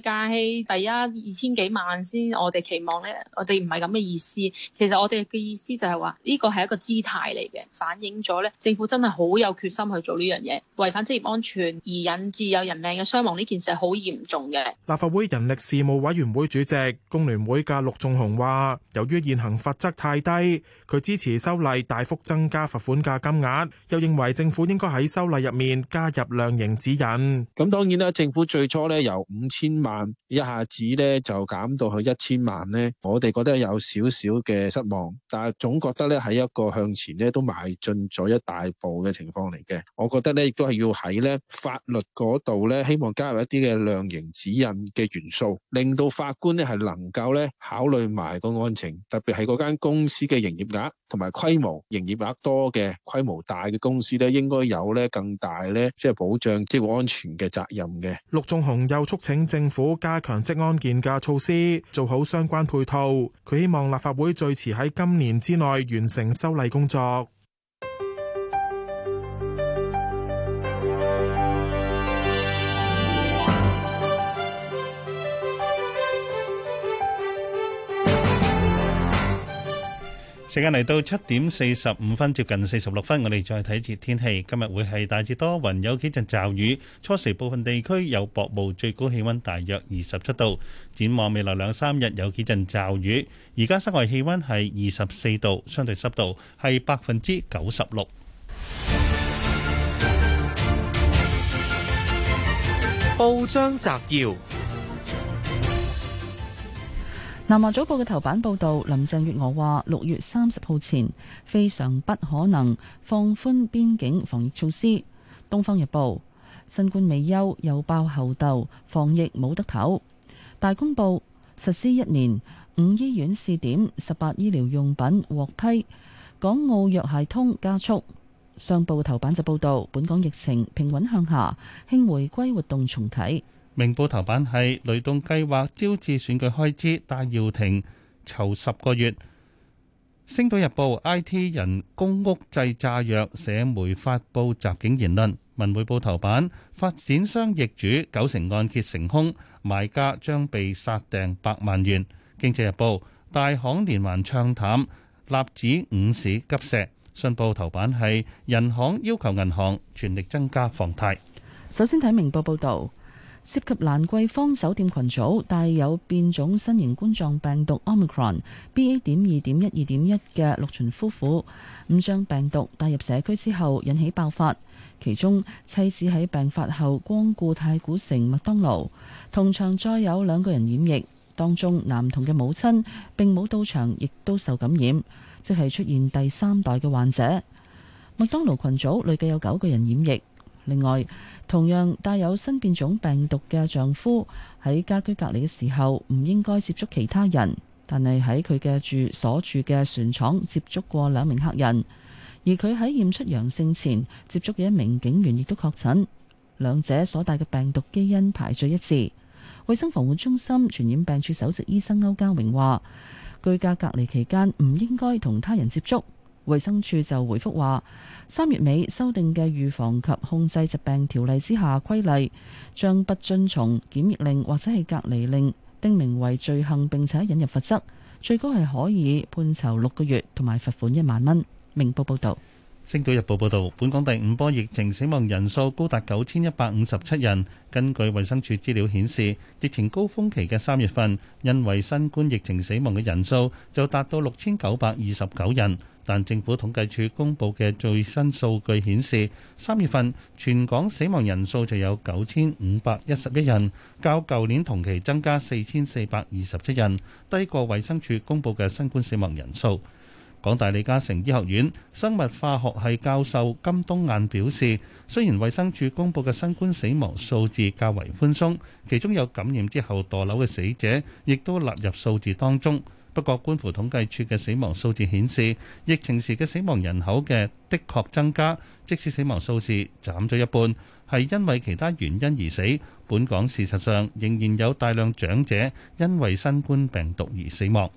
Speaker 14: 第一二千幾萬先？我哋期望呢，我哋唔係咁嘅意思。其實我哋嘅意思就係話，呢個係一個姿態嚟嘅，反映咗呢政府真係好有決心去做呢樣嘢。違反職業安全而引致有人命嘅傷亡呢件事係好嚴重嘅。
Speaker 10: 立法會人力事務委員會主席工聯會嘅陸仲雄話，由於現行法則太低。佢支持修例大幅增加罰款嘅金額，又認為政府應該喺修例入面加入量刑指引。咁當然啦，政府最初咧由五千萬一下子咧就減到去一千萬咧，我哋覺得有少少嘅失望，但係總覺得咧係一個向前咧都邁進咗一大步嘅情況嚟嘅。我覺得咧亦都係要喺咧法律嗰度咧，希望加入一啲嘅量刑指引嘅元素，令到法官咧係能夠咧考慮埋個案情，特別係嗰間公司嘅營業額。同埋規模營業額多嘅規模大嘅公司咧，應該有咧更大咧，即係保障職業安全嘅責任嘅。陸仲雄又促請政府加強職安健嘅措施，做好相關配套。佢希望立法會最遲喺今年之內完成修例工作。
Speaker 4: 時間嚟到七點四十五分，接近四十六分，我哋再睇次天氣。今日會係大致多雲，有幾陣驟雨。初時部分地區有薄霧，最高氣溫大約二十七度。展望未來兩三日有幾陣驟雨。而家室外氣溫係二十四度，相對濕度係百分之九十六。
Speaker 12: 報章
Speaker 11: 摘要。
Speaker 3: 南華早報嘅頭版報道，林鄭月娥話六月三十號前非常不可能放寬邊境防疫措施。東方日報：新冠未休又爆猴痘，防疫冇得唞。大公報：實施一年五醫院試點，十八醫療用品獲批。港澳藥械通加速。上報頭版就報道，本港疫情平穩向下，慶回歸活動重啟。
Speaker 4: 明報頭版係雷動計劃招致選舉開支，戴耀廷籌十個月。星島日報 I T 人公屋製炸藥，社媒發布襲警言論。文匯報頭版發展商易主九成按揭成空，買家將被殺訂百萬元。經濟日報大行連環唱淡，立指五市急瀉。信報頭版係人行要求銀行全力增加房貸。
Speaker 3: 首先睇明報報道。涉及蘭桂坊酒店群組帶有變種新型冠狀病毒 Omicron BA. 點二點一二點一嘅六旬夫婦，咁將病毒帶入社區之後引起爆發。其中妻子喺病發後光顧太古城麥當勞，同場再有兩個人染疫，當中男童嘅母親並冇到場，亦都受感染，即係出現第三代嘅患者。麥當勞群組累計有九個人染疫。另外，同樣帶有新變種病毒嘅丈夫喺家居隔離嘅時候，唔應該接觸其他人，但係喺佢嘅住所住嘅船廠接觸過兩名客人，而佢喺驗出陽性前接觸嘅一名警員亦都確診，兩者所帶嘅病毒基因排序一致。衛生防護中心傳染病處首席醫生歐家榮話：居家隔離期間唔應該同他人接觸。衛生署就回覆話，三月尾修訂嘅預防及控制疾病條例之下規例，將不遵從檢疫令或者係隔離令，定名為罪行，並且引入罰則，最高係可以判囚六個月同埋罰款一萬蚊。明報報道，
Speaker 4: 《星島日報》報道，本港第五波疫情死亡人數高達九千一百五十七人。根據衛生署資料顯示，疫情高峰期嘅三月份，因為新冠疫情死亡嘅人數就達到六千九百二十九人。但政府統計處公布嘅最新數據顯示，三月份全港死亡人數就有九千五百一十一人，較舊年同期增加四千四百二十七人，低過衛生署公布嘅新冠死亡人數。港大李嘉誠醫學院生物化學系教授金冬雁表示，雖然衛生署公布嘅新冠死亡數字較為寬鬆，其中有感染之後墮樓嘅死者亦都納入數字當中。不過，觀乎統計處嘅死亡數字顯示，疫情時嘅死亡人口嘅的，的確增加，即使死亡數字減咗一半，係因為其他原因而死。本港事實上仍然有大量長者因為新冠病毒而死亡。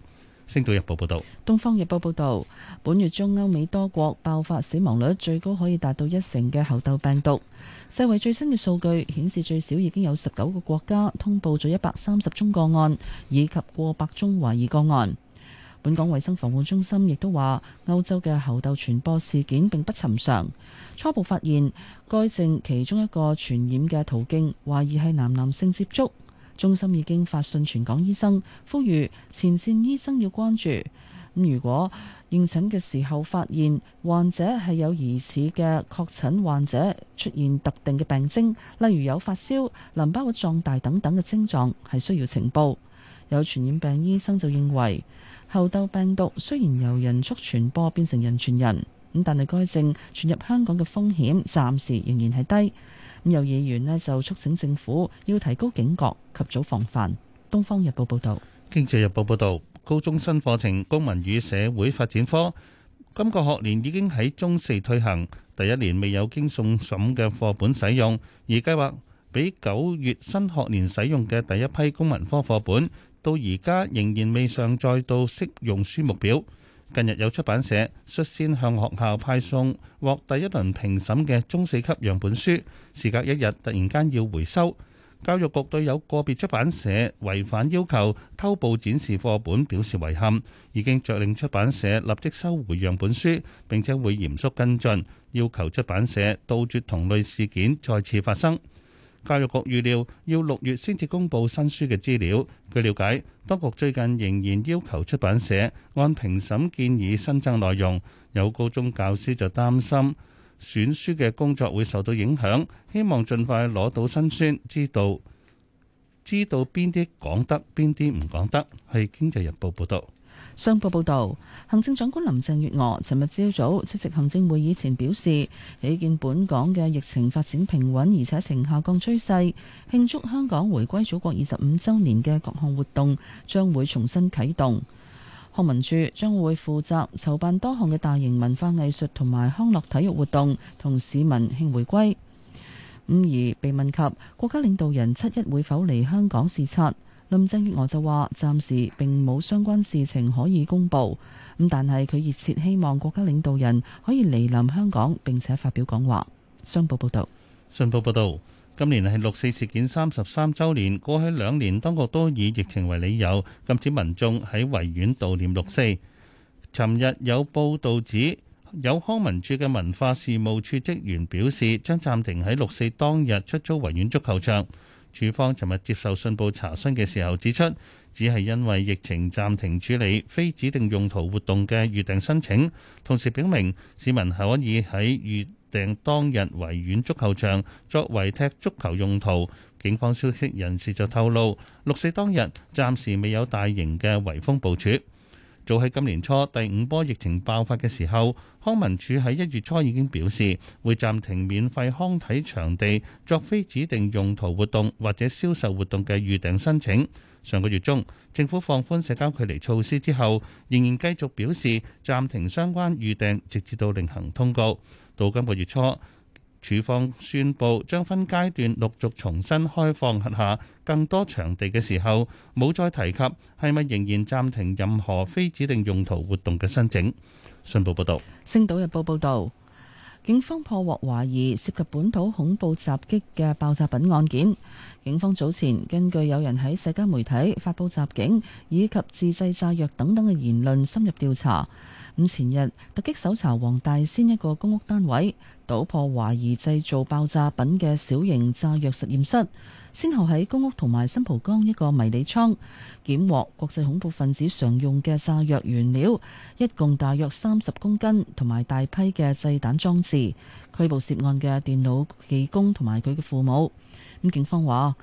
Speaker 4: 星島日報報道，
Speaker 3: 東方日報報道，本月中歐美多國爆發死亡率最高可以達到一成嘅猴痘病毒。世衛最新嘅數據顯示，最少已經有十九個國家通報咗一百三十宗個案，以及過百宗懷疑個案。本港衛生防護中心亦都話，歐洲嘅猴痘傳播事件並不尋常。初步發現該症，其中一個傳染嘅途徑，懷疑係男男性接觸。中心已經發信全港醫生，呼籲前線醫生要關注。咁如果應診嘅時候發現患者係有疑似嘅確診患者出現特定嘅病徵，例如有發燒、淋巴嘅壯大等等嘅症狀，係需要呈報。有傳染病醫生就認為，猴痘病毒雖然由人畜傳播變成人傳人，咁但係該症傳入香港嘅風險暫時仍然係低。咁有議員咧就促請政府要提高警覺及早防範。《東方日報》報道。
Speaker 4: 《經濟日報》報道。高中新課程公民與社會發展科，今個學年已經喺中四推行，第一年未有經送審嘅課本使用，而計劃畀九月新學年使用嘅第一批公民科課本，到而家仍然未上載到適用書目表。近日有出版社率先向學校派送獲第一輪評審嘅中四級樣本書，時隔一日突然間要回收。教育局對有個別出版社違反要求偷步展示課本表示遺憾，已經著令出版社立即收回樣本書，並且會嚴肅跟進，要求出版社杜絕同類事件再次發生。教育局預料要六月先至公布新書嘅資料。據了解，當局最近仍然要求出版社按評審建議新增內容，有高中教師就擔心。選書嘅工作會受到影響，希望盡快攞到新書。知道知道邊啲講得，邊啲唔講得。係《經濟日報》報道。
Speaker 3: 商報報導，行政長官林鄭月娥尋日朝早出席行政會議前表示，喜見本港嘅疫情發展平穩，而且呈下降趨勢。慶祝香港回歸祖國二十五週年嘅各項活動將會重新啟動。康文署將會負責籌辦多項嘅大型文化藝術同埋康樂體育活動，同市民慶回歸。五而被問及國家領導人七一會否嚟香港視察，林鄭月娥就話暫時並冇相關事情可以公布。咁但係佢熱切希望國家領導人可以嚟臨香港，並且發表講話。商報報道，
Speaker 4: 信報報道。今年係六四事件三十三週年，過去兩年，當局都以疫情為理由禁止民眾喺維園悼念六四。尋日有報道指，有康文署嘅文化事務處職員表示，將暫停喺六四當日出租維園足球場。署方尋日接受信報查詢嘅時候指出，只係因為疫情暫停處理非指定用途活動嘅預定申請，同時表明市民係可以喺預訂當日維園足球場作為踢足球用途，警方消息人士就透露，六四當日暫時未有大型嘅圍封部署。早喺今年初第五波疫情爆發嘅時候，康文署喺一月初已經表示會暫停免費康體場地作非指定用途活動或者銷售活動嘅預訂申請。上個月中政府放寬社交距離措施之後，仍然繼續表示暫停相關預訂，直至到另行通告。到今個月初，署方宣佈將分階段陸續重新開放轄下更多場地嘅時候，冇再提及係咪仍然暫停任何非指定用途活動嘅申請。信報報導，
Speaker 3: 《星島日報》報道，警方破獲懷疑涉，涉及本土恐怖襲擊嘅爆炸品案件。警方早前根據有人喺社交媒體發佈襲警以及自製炸藥等等嘅言論，深入調查。咁前日突擊搜查黃大仙一個公屋單位，搗破懷疑製造爆炸品嘅小型炸藥實驗室，先後喺公屋同埋新蒲崗一個迷你倉，檢獲國際恐怖分子常用嘅炸藥原料，一共大約三十公斤，同埋大批嘅製彈裝置，拘捕涉案嘅電腦技工同埋佢嘅父母。咁警方話。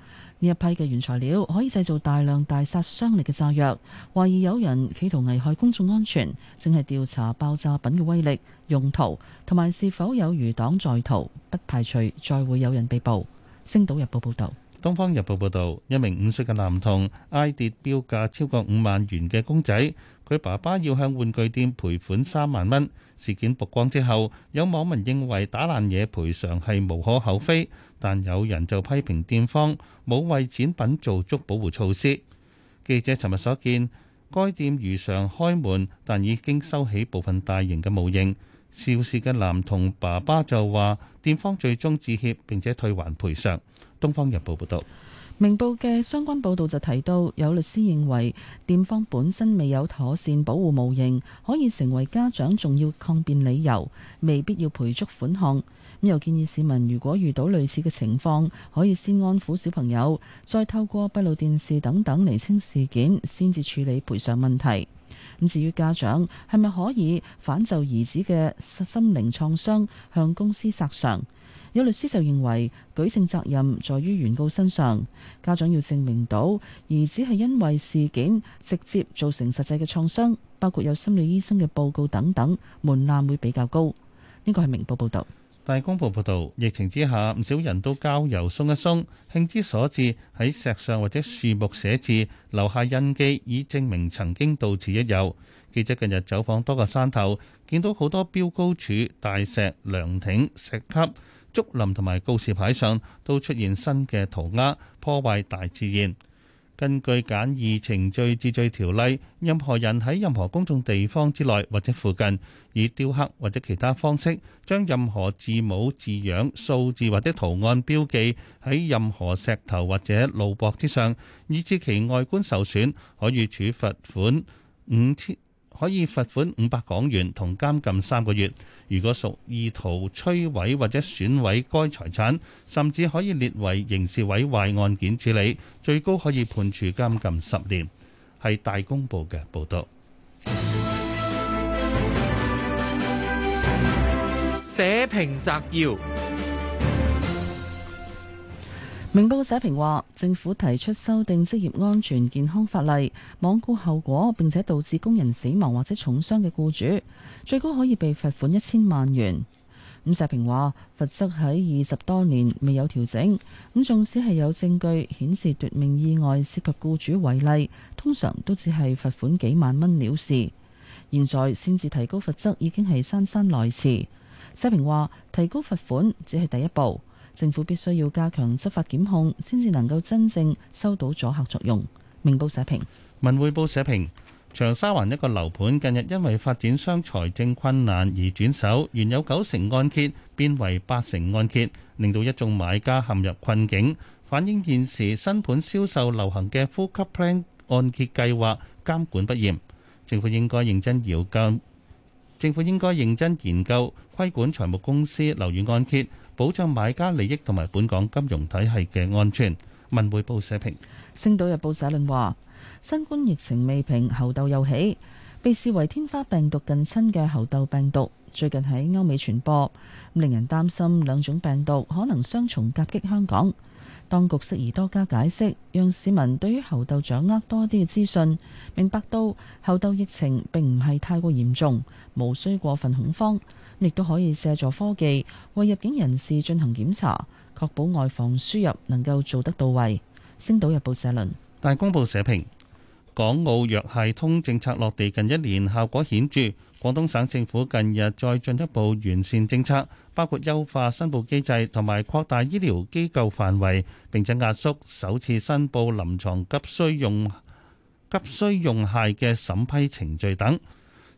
Speaker 3: 呢一批嘅原材料可以製造大量大殺傷力嘅炸藥，懷疑有人企圖危害公眾安全，正係調查爆炸品嘅威力、用途同埋是否有餘黨在逃，不排除再會有人被捕。星島日報報道。
Speaker 4: 東方日報報道，一名五歲嘅男童挨跌標價超過五萬元嘅公仔。佢爸爸要向玩具店賠款三萬蚊。事件曝光之後，有網民認為打爛嘢賠償係無可厚非，但有人就批評店方冇為展品做足保護措施。記者尋日所見，該店如常開門，但已經收起部分大型嘅模型。肇事嘅男童爸爸就話，店方最終致歉並且退還賠償。東方日報報道。
Speaker 3: 明報嘅相關報導就提到，有律師認為店方本身未有妥善保護模型，可以成為家長重要抗辯理由，未必要賠足款項。咁又建議市民如果遇到類似嘅情況，可以先安撫小朋友，再透過閉路電視等等釐清事件，先至處理賠償問題。咁至於家長係咪可以反就兒子嘅心靈創傷向公司索償？有律師就認為舉證責任在於原告身上，家長要證明到兒子係因為事件直接造成實際嘅創傷，包括有心理醫生嘅報告等等，門檻會比較高。呢個係明報報導。大
Speaker 4: 公報報導，疫情之下唔少人都郊遊鬆一鬆，興之所至喺石上或者樹木寫字，留下印記以證明曾經到此一遊。記者近日走訪多個山頭，見到好多標高處大石、涼亭、石級。竹林同埋告示牌上都出現新嘅塗鴉，破壞大自然。根據簡易程序治罪條例，任何人喺任何公眾地方之內或者附近，以雕刻或者其他方式將任何字母、字樣、數字或者圖案標記喺任何石頭或者路壆之上，以致其外觀受損，可以處罰款五千。可以罰款五百港元同監禁三個月，如果屬意圖摧毀或者損毀該財產，甚至可以列為刑事毀壞案件處理，最高可以判處監禁十年。係大公報嘅報導，
Speaker 11: 社評摘要。
Speaker 3: 明報社評話，政府提出修訂職業安全健康法例，罔顧後果並且導致工人死亡或者重傷嘅僱主，最高可以被罰款一千萬元。咁社評話，罰則喺二十多年未有調整，咁縱使係有證據顯示奪命意外涉及僱主違例，通常都只係罰款幾萬蚊了事。現在先至提高罰則，已經係姍姍來遲。社評話，提高罰款只係第一步。政府必須要加強執法檢控，先至能夠真正收到阻嚇作用。明報社評。
Speaker 4: 文匯報社評，長沙灣一個樓盤近日因為發展商財政困難而轉手，原有九成按揭變為八成按揭，令到一眾買家陷入困境，反映現時新盤銷售流行嘅呼吸 plan 按揭計劃監管不嚴，政府應該認真謠禁。政府應該認真研究規管財務公司樓宇按揭，保障買家利益同埋本港金融體系嘅安全。文匯報社評，
Speaker 3: 《星島日報》社論話：新冠疫情未平，猴痘又起，被視為天花病毒近親嘅猴痘病毒，最近喺歐美傳播，令人擔心兩種病毒可能雙重夾擊香港。當局適宜多加解釋，讓市民對於猴痘掌握多啲嘅資訊，明白到猴痘疫情並唔係太過嚴重，無需過分恐慌。亦都可以借助科技為入境人士進行檢查，確保外防輸入能夠做得到位。星島日報社論。
Speaker 4: 大公報社評：港澳藥械通政策落地近一年，效果顯著。廣東省政府近日再進一步完善政策，包括優化申報機制，同埋擴大醫療機構範圍，並且壓縮首次申報臨床急需用急需用械嘅審批程序等。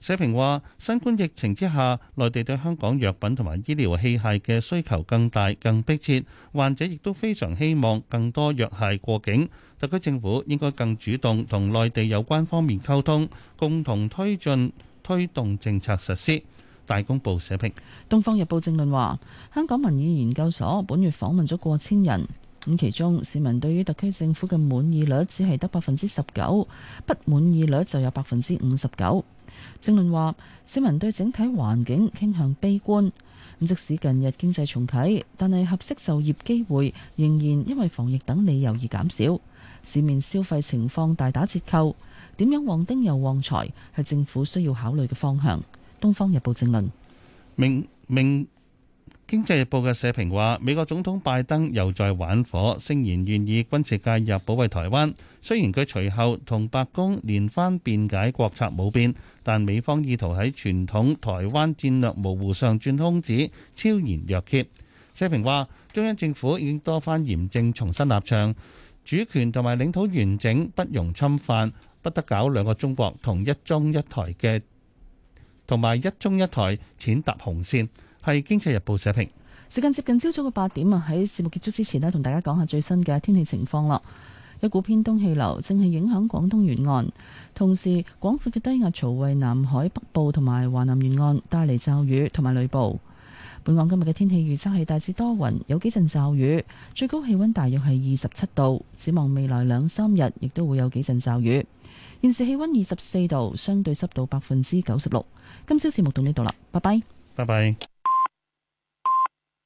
Speaker 4: 社評話：新冠疫情之下，內地對香港藥品同埋醫療器械嘅需求更大、更迫切，患者亦都非常希望更多藥械過境。特區政府應該更主動同內地有關方面溝通，共同推進。推動政策實施，大公報社評。
Speaker 3: 東方日報政論話：香港民意研究所本月訪問咗過千人，咁其中市民對於特區政府嘅滿意率只係得百分之十九，不滿意率就有百分之五十九。政論話：市民對整體環境傾向悲觀，咁即使近日經濟重啟，但係合適就業機會仍然因為防疫等理由而減少，市面消費情況大打折扣。點樣旺丁又旺財，係政府需要考慮嘅方向。東方日報正論。明明經濟
Speaker 4: 日報嘅社評話，美國總統拜登又在玩火，聲言願意軍事介入保衛台灣。雖然佢隨後同白宮連番辯解國策冇變，但美方意圖喺傳統台灣戰略模糊上鑽空子，超然若揭。社評話，中央政府已經多番嚴正重申立場，主權同埋領土完整不容侵犯。不得搞兩個中國同一中一台嘅，同埋一中一台，淺踏紅線，係經濟日報社評。
Speaker 3: 時間接近朝早嘅八點啊，喺節目結束之前咧，同大家講下最新嘅天氣情況啦。一股偏東氣流正係影響廣東沿岸，同時廣闊嘅低壓槽為南海北部同埋華南沿岸帶嚟驟雨同埋雷暴。本港今日嘅天氣預測係大致多雲，有幾陣驟雨，最高氣溫大約係二十七度。展望未來兩三日，亦都會有幾陣驟雨。現時氣溫二十四度，相對濕度百分之九十六。今朝節目到呢度啦，拜拜。
Speaker 6: 拜拜。